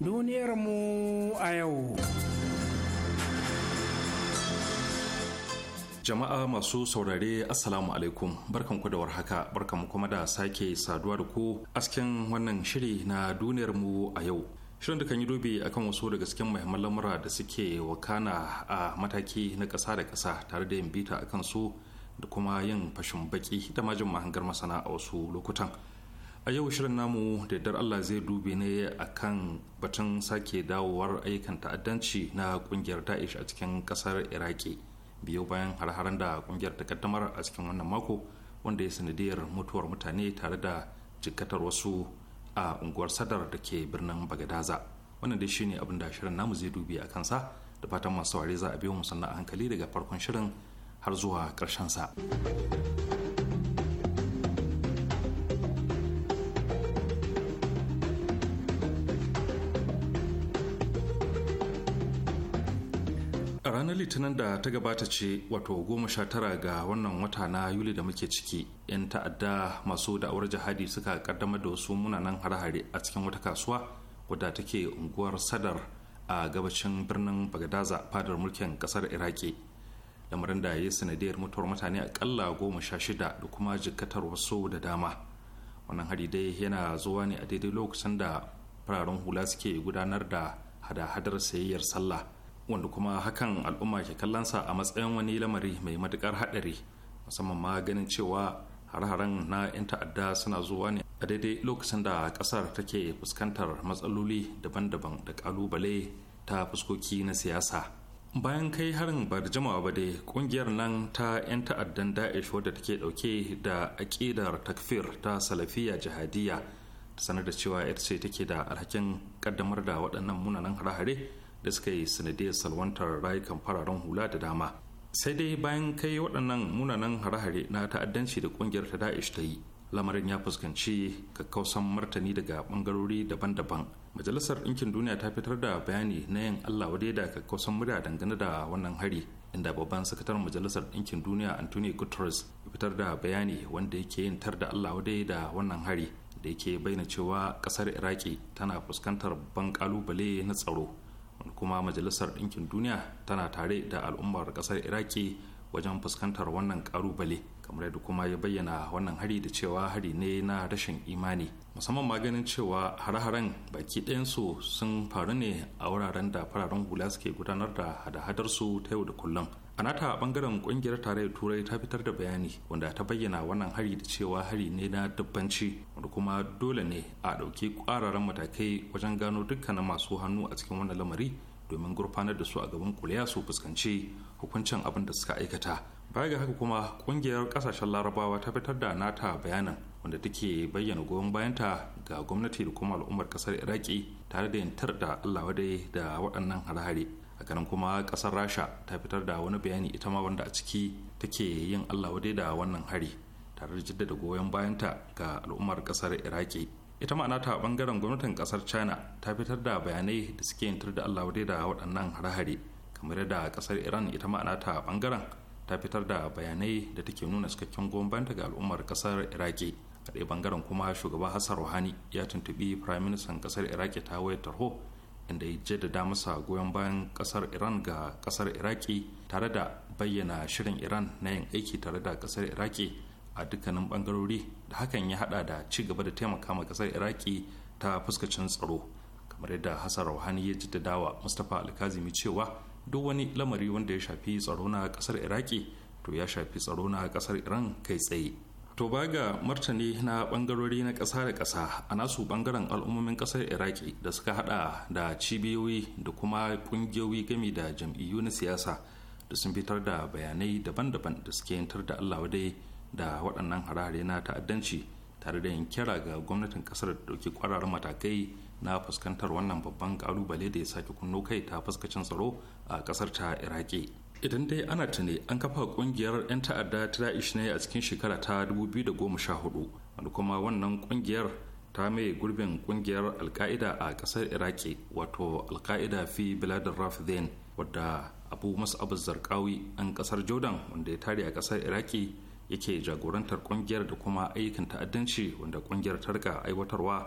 Duniyar mu a yau. Jama'a masu saurare Assalamu alaikum barkan ku da warhaka barkan mu kuma da sake saduwa da ku a cikin wannan shiri na duniyar mu a yau. Shirin da kan yi dubi akan wasu daga cikin muhimman lamura da suke wakana a mataki na ƙasa da ƙasa tare da yin bita akan su da kuma yin fashin baki da majin mahangar masana a wasu lokutan. a yau shirin namu da dar Allah zai dubi ne akan batun sake dawowar ayyukan ta'addanci na kungiyar Daesh a cikin ƙasar Iraki biyo bayan har-haren da kungiyar ta kaddamar a cikin wannan mako wanda ya sanadiyar mutuwar mutane tare da jikkatar wasu a unguwar sadar da ke birnin bagadaza wannan dai shine abin da shirin namu zai dubi a kansa da fatan masu ware za a biyo mu a hankali daga farkon shirin har zuwa karshen sa. litinin da ta gabata ce wato goma sha tara ga wannan wata na yuli da muke ciki yan ta'adda masu da'awar jihadi suka kaddamar da wasu munanan hare-hare a cikin wata kasuwa wadda take unguwar sadar a gabacin birnin bagadaza fadar mulkin kasar iraki lamarin da ya sanadiyar mutuwar mutane akalla goma sha shida da kuma jikatar wasu da dama wannan hari dai yana zuwa ne a daidai lokacin da fararen hula suke gudanar da hada-hadar sayayyar sallah wanda kuma hakan al'umma ke kallonsa a matsayin wani lamari mai matukar haɗari musamman ma ganin cewa har-haren na 'yan ta'adda suna zuwa ne a daidai lokacin da ƙasar take fuskantar matsaloli daban-daban da ƙalubale ta fuskoki na siyasa bayan kai harin ba da jimawa ba dai kungiyar nan ta 'yan ta'addan da'ish wadda take dauke da aƙidar takfir ta salafiya jihadiyya ta sanar da cewa ita ce take da alhakin kaddamar da waɗannan munanan hare-hare da suka yi sanadiyar salwantar rayukan fararen hula da dama sai dai bayan kai waɗannan munanan hare-hare na ta'addanci da ƙungiyar ta da'ish ta yi lamarin ya fuskanci kakkausan martani daga ɓangarori daban-daban majalisar ɗinkin duniya ta fitar da bayani na yin allah wadai da kakkausan murya dangane da wannan hari inda babban sakataren majalisar ɗinkin duniya antony guterres fitar da bayani wanda yake yin tar da allah wadai da wannan hari da yake bayyana cewa ƙasar iraki tana fuskantar babban ƙalubale na tsaro kuma majalisar ɗinkin duniya tana tare da al'ummar ƙasar iraki wajen fuskantar wannan ƙalubale kamar yadda kuma ya bayyana wannan hari da cewa hari ne na rashin imani musamman maganin cewa hare-haren baki ɗayansu sun faru ne a wuraren da fararen hula suke gudanar da hada-hadarsu ta yau da kullum a nata ƙungiyar kungiyar da turai ta fitar da bayani wanda ta bayyana wannan hari da cewa hari ne na dabbanci wanda kuma dole ne a ɗauki ƙwararren matakai wajen gano dukkanin masu hannu a cikin wannan lamari domin gurfanar da su a gaban kuliya su fuskanci hukuncin abin da suka aikata baya ga haka kuma kungiyar kasashen larabawa ta fitar da nata bayanin wanda take bayyana goyon bayanta ga gwamnati da kuma al'ummar kasar iraki tare da yantar da allah wadai da waɗannan hare-hare hakanan kuma kasar rasha ta fitar da wani bayani ita ma wanda a ciki take yin allah wadai da wannan hari tare da jaddada goyon bayanta ga al'ummar kasar iraki ita ma'ana ta bangaren gwamnatin kasar china ta fitar da bayanai da suke yantar da allah wadai da waɗannan hare-hare kamar yadda kasar iran ita ma'ana ta bangaren ta fitar da bayanai da take nuna cikakken goyon bayanta ga al'ummar kasar iraki a ɗaya bangaren kuma shugaban hassan ruhani ya tuntubi prime minister kasar iraki ta wayar tarho inda ya jaddada masa goyon bayan kasar iran ga kasar iraki tare da bayyana shirin iran na yin aiki tare da kasar iraki a dukkanin bangarori da hakan ya hada da ci gaba da taimaka ma kasar iraki ta fuskacin tsaro kamar yadda hasar rauhani ya jaddada wa mustapha alkazimi cewa duk wani lamari wanda ya shafi tsaro na kasar iraki to ya shafi tsaro na kasar iran kai tsaye to ba ga martani na bangarori na ƙasa da ƙasa a nasu bangaren al'ummomin ƙasar iraki da suka hada da cibiyoyi da kuma ƙungiyoyi gami da jam'iyyu na siyasa da sun fitar da bayanai daban-daban da suke yantar da allah dai da waɗannan harare na ta'addanci tare da yin kira ga gwamnatin ƙasar da ɗauki ƙwararren matakai na fuskantar wannan babban ƙalubale da ya sake kunno kai ta fuskacin tsaro a ƙasar ta iraki idan dai ana tuni an kafa ƙungiyar 'yan ta'adda ta da'ish ne a cikin shekara ta 2014 wanda kuma wannan ƙungiyar ta mai gurbin ƙungiyar alka'ida a ƙasar iraki wato alka'ida fi biladar rafidin wadda abu masu abu zarkawi an ƙasar jordan wanda ya tare a ƙasar iraki yake jagorantar kungiyar da kuma ayyukan ta'addanci wanda kungiyar ta rika aiwatarwa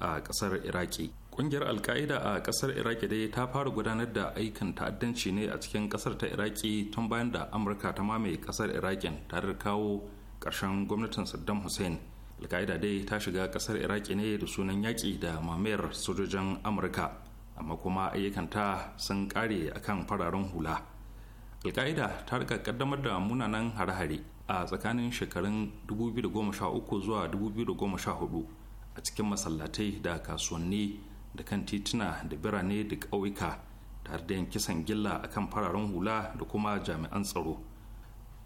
a kasar iraki kungiyar alka'ida a kasar iraki dai ta fara gudanar da aikin ta'addanci ne a cikin kasar ta iraki tun bayan da amurka ta mame kasar irakin tare da kawo ƙarshen gwamnatin saddam hussein alka'ida dai ta shiga kasar iraki ne da sunan yaƙi da mamayar sojojin amurka amma kuma ayyukanta sun kare akan fararen hula alka'ida ta rika kaddamar da munanan hare-hare a tsakanin shekarun 2013 zuwa 2014 a cikin masallatai da kasuwanni da kan tituna da birane da ƙauyuka tare da yin kisan gilla a kan fararen hula da kuma jami'an tsaro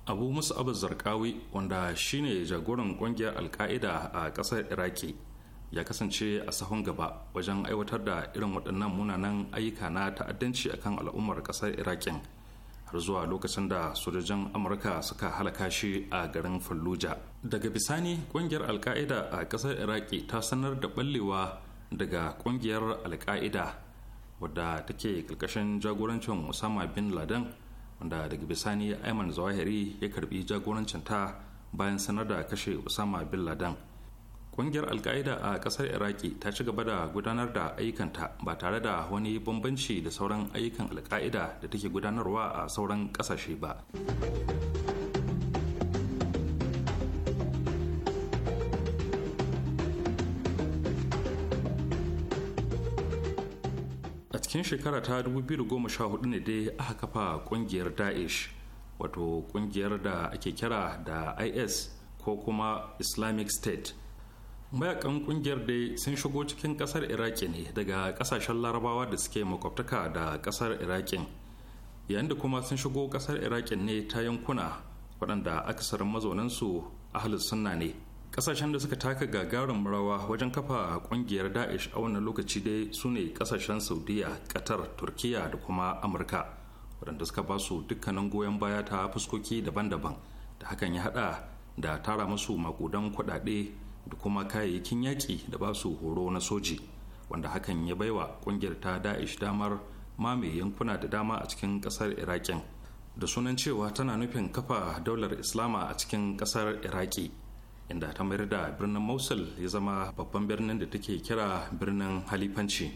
abu musu abu zarkawi wanda shine jagoran ƙungiyar alka'ida a ƙasar iraki ya kasance a sahun gaba wajen aiwatar da irin waɗannan munanan ayyuka na ta'addanci akan al'ummar ƙasar iraƙin har zuwa lokacin da sojojin amurka suka halaka shi a garin fallujah daga bisani kungiyar alka'ida a kasar iraki ta sanar da ballewa daga kungiyar alka'ida wadda take karkashin jagorancin usama bin laden wanda daga bisani ayman zawahiri ya karbi jagorancinta bayan sanar da kashe usama bin laden kungiyar alka'ida a kasar iraki ta ci gaba da gudanar da ayyukanta ba tare da wani bambanci da sauran ayyukan alka'ida da take gudanarwa a sauran kasashe ba a cikin shekara ta 2014 ne dai aka kafa kungiyar daesh wato kungiyar da ake kira da is ko kuma islamic state mayakan kungiyar dai sun shigo cikin kasar iraki ne daga kasashen larabawa da suke makwabtaka da kasar irakin yayin da kuma sun shigo kasar iraki ne ta yankuna waɗanda akasarin mazaunansu ahalus sunna ne kasashen da suka taka gagarin rawa wajen kafa kungiyar da'ish a wannan lokaci dai su ne kasashen saudiya qatar turkiya da kuma amurka waɗanda suka ba su dukkanin goyon baya ta fuskoki daban-daban da hakan ya haɗa da tara musu makudan kuɗaɗe da kuma kayayyakin yaƙi da ba su horo na soji wanda hakan ya baiwa ƙungiyar ta da'ish damar mamaye yankuna da dama a cikin ƙasar iraƙin da sunan cewa tana nufin kafa daular islama a cikin ƙasar iraki inda ta mayar da birnin mosul ya zama babban birnin da take kira birnin halifanci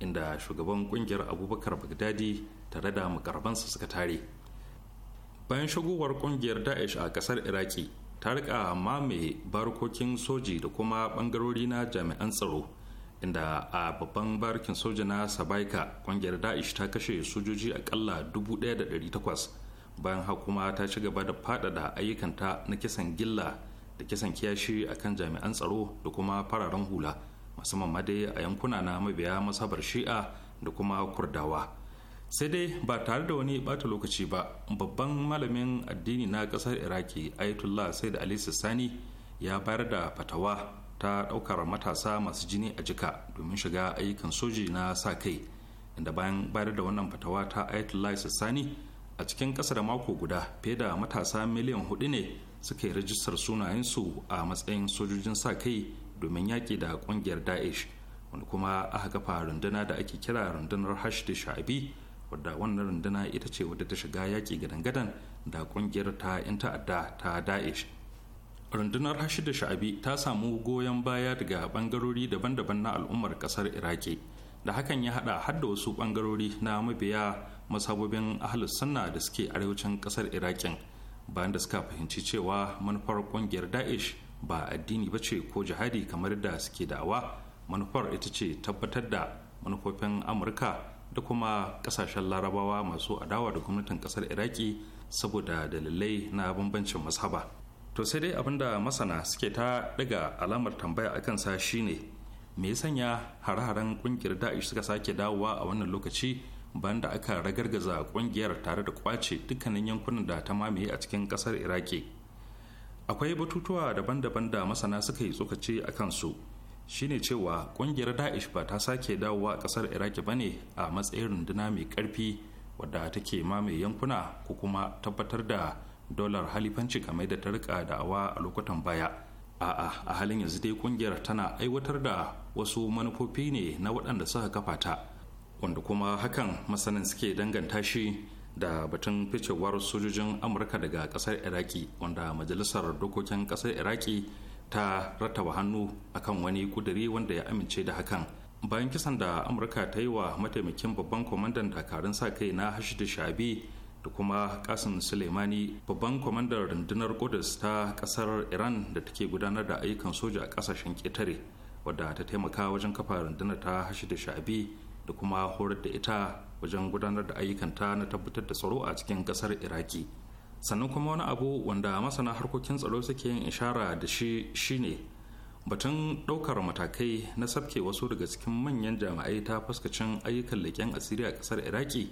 inda shugaban ƙungiyar abubakar bagdadi tare da mukarbansa suka tare bayan shigowar ƙungiyar Da'ish a ƙasar iraki ta rika mamaye barkokin soji da kuma bangarori na jami'an tsaro inda a babban barkin soja na sabaika kungiyar da'ish ta kashe sojoji akalla 1,800 bayan hakuma ta ci gaba da faɗaɗa ayyukanta na kisan gilla da kisan kiyashi kan jami'an tsaro da kuma fararen hula musamman ma dai a yankuna na mabiya masabar shi'a da kuma kurdawa sai dai ba tare da wani bata lokaci ba babban malamin addini na kasar iraki ayatollah sai da ali sani ya bayar da fatawa ta daukar matasa masu jini a jika domin shiga ayyukan soji na sa kai inda bayan bayar da wannan fatawa ta ayatollah sani a cikin ƙasa da mako guda fiye da matasa miliyan hudu ne suka yi rajistar sunayensu a matsayin sojojin sa kai domin yaƙi da ƙungiyar daesh wanda kuma aka kafa runduna da ake kira rundunar hash da sha'abi wadda wannan runduna ita ce wadda ta shiga yaƙi gadan-gadan da ƙungiyar ta 'yan ta'adda ta daesh rundunar hashi da sha'abi ta samu goyon baya daga bangarori daban-daban na al'ummar ƙasar iraki da hakan ya haɗa, har da wasu bangarori na mabiya masabobin ahalus sunna da suke arewacin ƙasar irakin bayan da suka fahimci cewa manufar ƙungiyar daesh ba addini ba ce ko jihadi kamar da suke da'awa manufar ita ce tabbatar da manufofin amurka da kuma kasashen larabawa masu adawa da gwamnatin kasar iraki saboda dalilai na bambancin mazhaba to sai dai abinda masana suke ta daga alamar tambaya a kansa shine me ya sanya hare-haren kungiyar da'ish suka sake dawowa a wannan lokaci bayan da aka ragargaza kungiyar tare da kwace dukkanin yankunan da ta mamaye a cikin kasar iraki akwai batutuwa daban-daban da masana suka yi tsokaci a kansu shine cewa kungiyar da'ish ba ta sake dawowa a kasar iraki ba ne a matsayin runduna mai karfi wadda take mamaye yankuna ko kuma tabbatar da dolar halifanci game da ta rika da'awa a lokutan baya a'a a halin yanzu dai kungiyar tana aiwatar da wasu manufofi ne na waɗanda suka kafa ta wanda kuma hakan masanin suke danganta shi da batun ficewar sojojin amurka daga ƙasar iraki wanda majalisar dokokin ƙasar iraki ta rattaba hannu akan wani kuduri wanda ya amince da hakan bayan kisan da amurka ta yi wa mataimakin babban kwamandan dakarun sa kai na hashidu shabi da kuma kasim suleimani babban kwamandan rundunar kudus ta kasar iran da take gudanar da ayyukan soja a kasashen ketare wadda ta taimaka wajen kafa rundunar ta hashidu shabi da kuma horar da ita wajen gudanar da ayyukanta na tabbatar da tsaro a cikin kasar iraki sannan kuma wani abu wanda masana harkokin tsaro suke yin ishara da shi shine batun ɗaukar matakai na sabke wasu daga cikin manyan jami'ai ta fuskacin ayyukan leƙen asiri a ƙasar iraki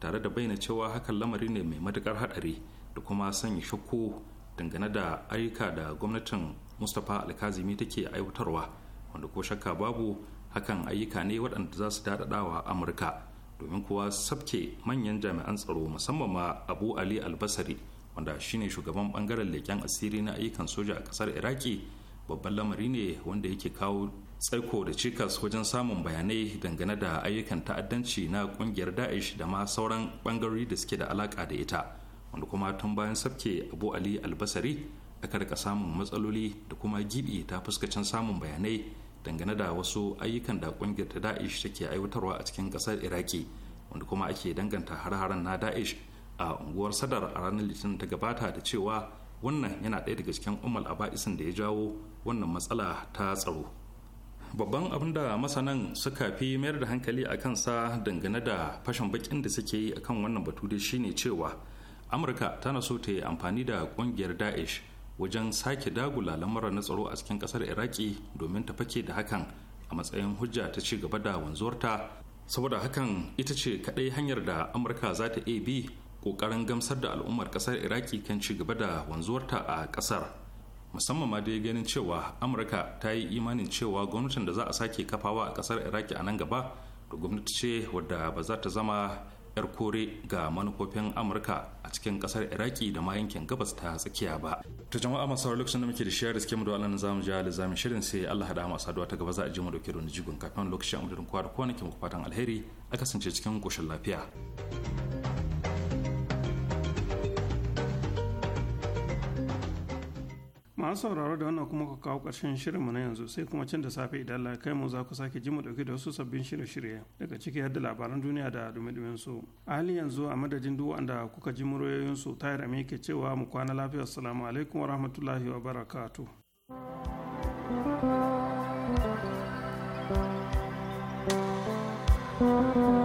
tare da bayyana cewa hakan lamari ne mai matuƙar haɗari da kuma sanya shakku dangane da ayyuka da gwamnatin mustapha alkazimi take aiwatarwa wanda ko shakka babu hakan ayyuka ne waɗanda za su daɗaɗawa amurka domin kuwa sabke manyan jami'an tsaro musamman ma abu ali albasari wanda shine shugaban bangaren leken asiri na ayyukan soja a kasar iraki babban lamari ne wanda yake kawo tsaiko da cikas wajen samun bayanai dangane da ayyukan ta'addanci na kungiyar da'ish da ma sauran bangarori da suke da alaka da ita wanda kuma tun bayan sabke abu ali albasari aka rika samun matsaloli da kuma gibi ta fuskacin samun bayanai dangane da wasu ayyukan da kungiyar ta daesh take aiwatarwa a cikin kasar iraki wanda kuma ake danganta har-haren na da'ish. a unguwar sadar a ranar litinin ta gabata da cewa wannan yana ɗaya daga cikin umar aba'isin da ya jawo wannan matsala ta tsaro babban abin da masanan suka fi mayar da hankali a kansa dangane da fashin bakin da suke yi akan wannan batu dai shine cewa amurka tana so ta yi amfani da kungiyar daesh wajen sake dagula lamura na tsaro a cikin kasar iraki domin ta fake da hakan a matsayin hujja ta ci gaba da wanzuwarta saboda hakan ita ce kaɗai hanyar da amurka za ta iya bi kokarin gamsar da al'ummar kasar iraki kan ci gaba da wanzuwarta a kasar musamman ma dai ganin cewa amurka ta yi imanin cewa gwamnatin da za a sake kafawa a kasar iraki a nan gaba da gwamnati ce wadda ba za ta zama yar kore ga manufofin amurka a cikin kasar iraki da ma yankin gabas ta tsakiya ba ta jama'a masu sauran lokacin da muke da shi da suke mu da wannan zamu ji alizamin shirin sai allah da masu saduwa ta gaba za a ji mu dauke da wani jigon kafin lokacin amudurin kwa da kwanakin fatan alheri a kasance cikin koshin lafiya masu sauraro da wannan kuma ka kawo ƙarshen shirinmu na yanzu sai kuma can da safe idan Allah kai mu za ku sake ji mu ɗauki da wasu sabbin shirye-shirye daga ciki har da labaran duniya da dumi-dumin su a halin yanzu a madadin duk wanda kuka ji muryoyin su tayar rami ke cewa mu kwana lafiya assalamu alaikum wa rahmatullahi wa barakatu. thank you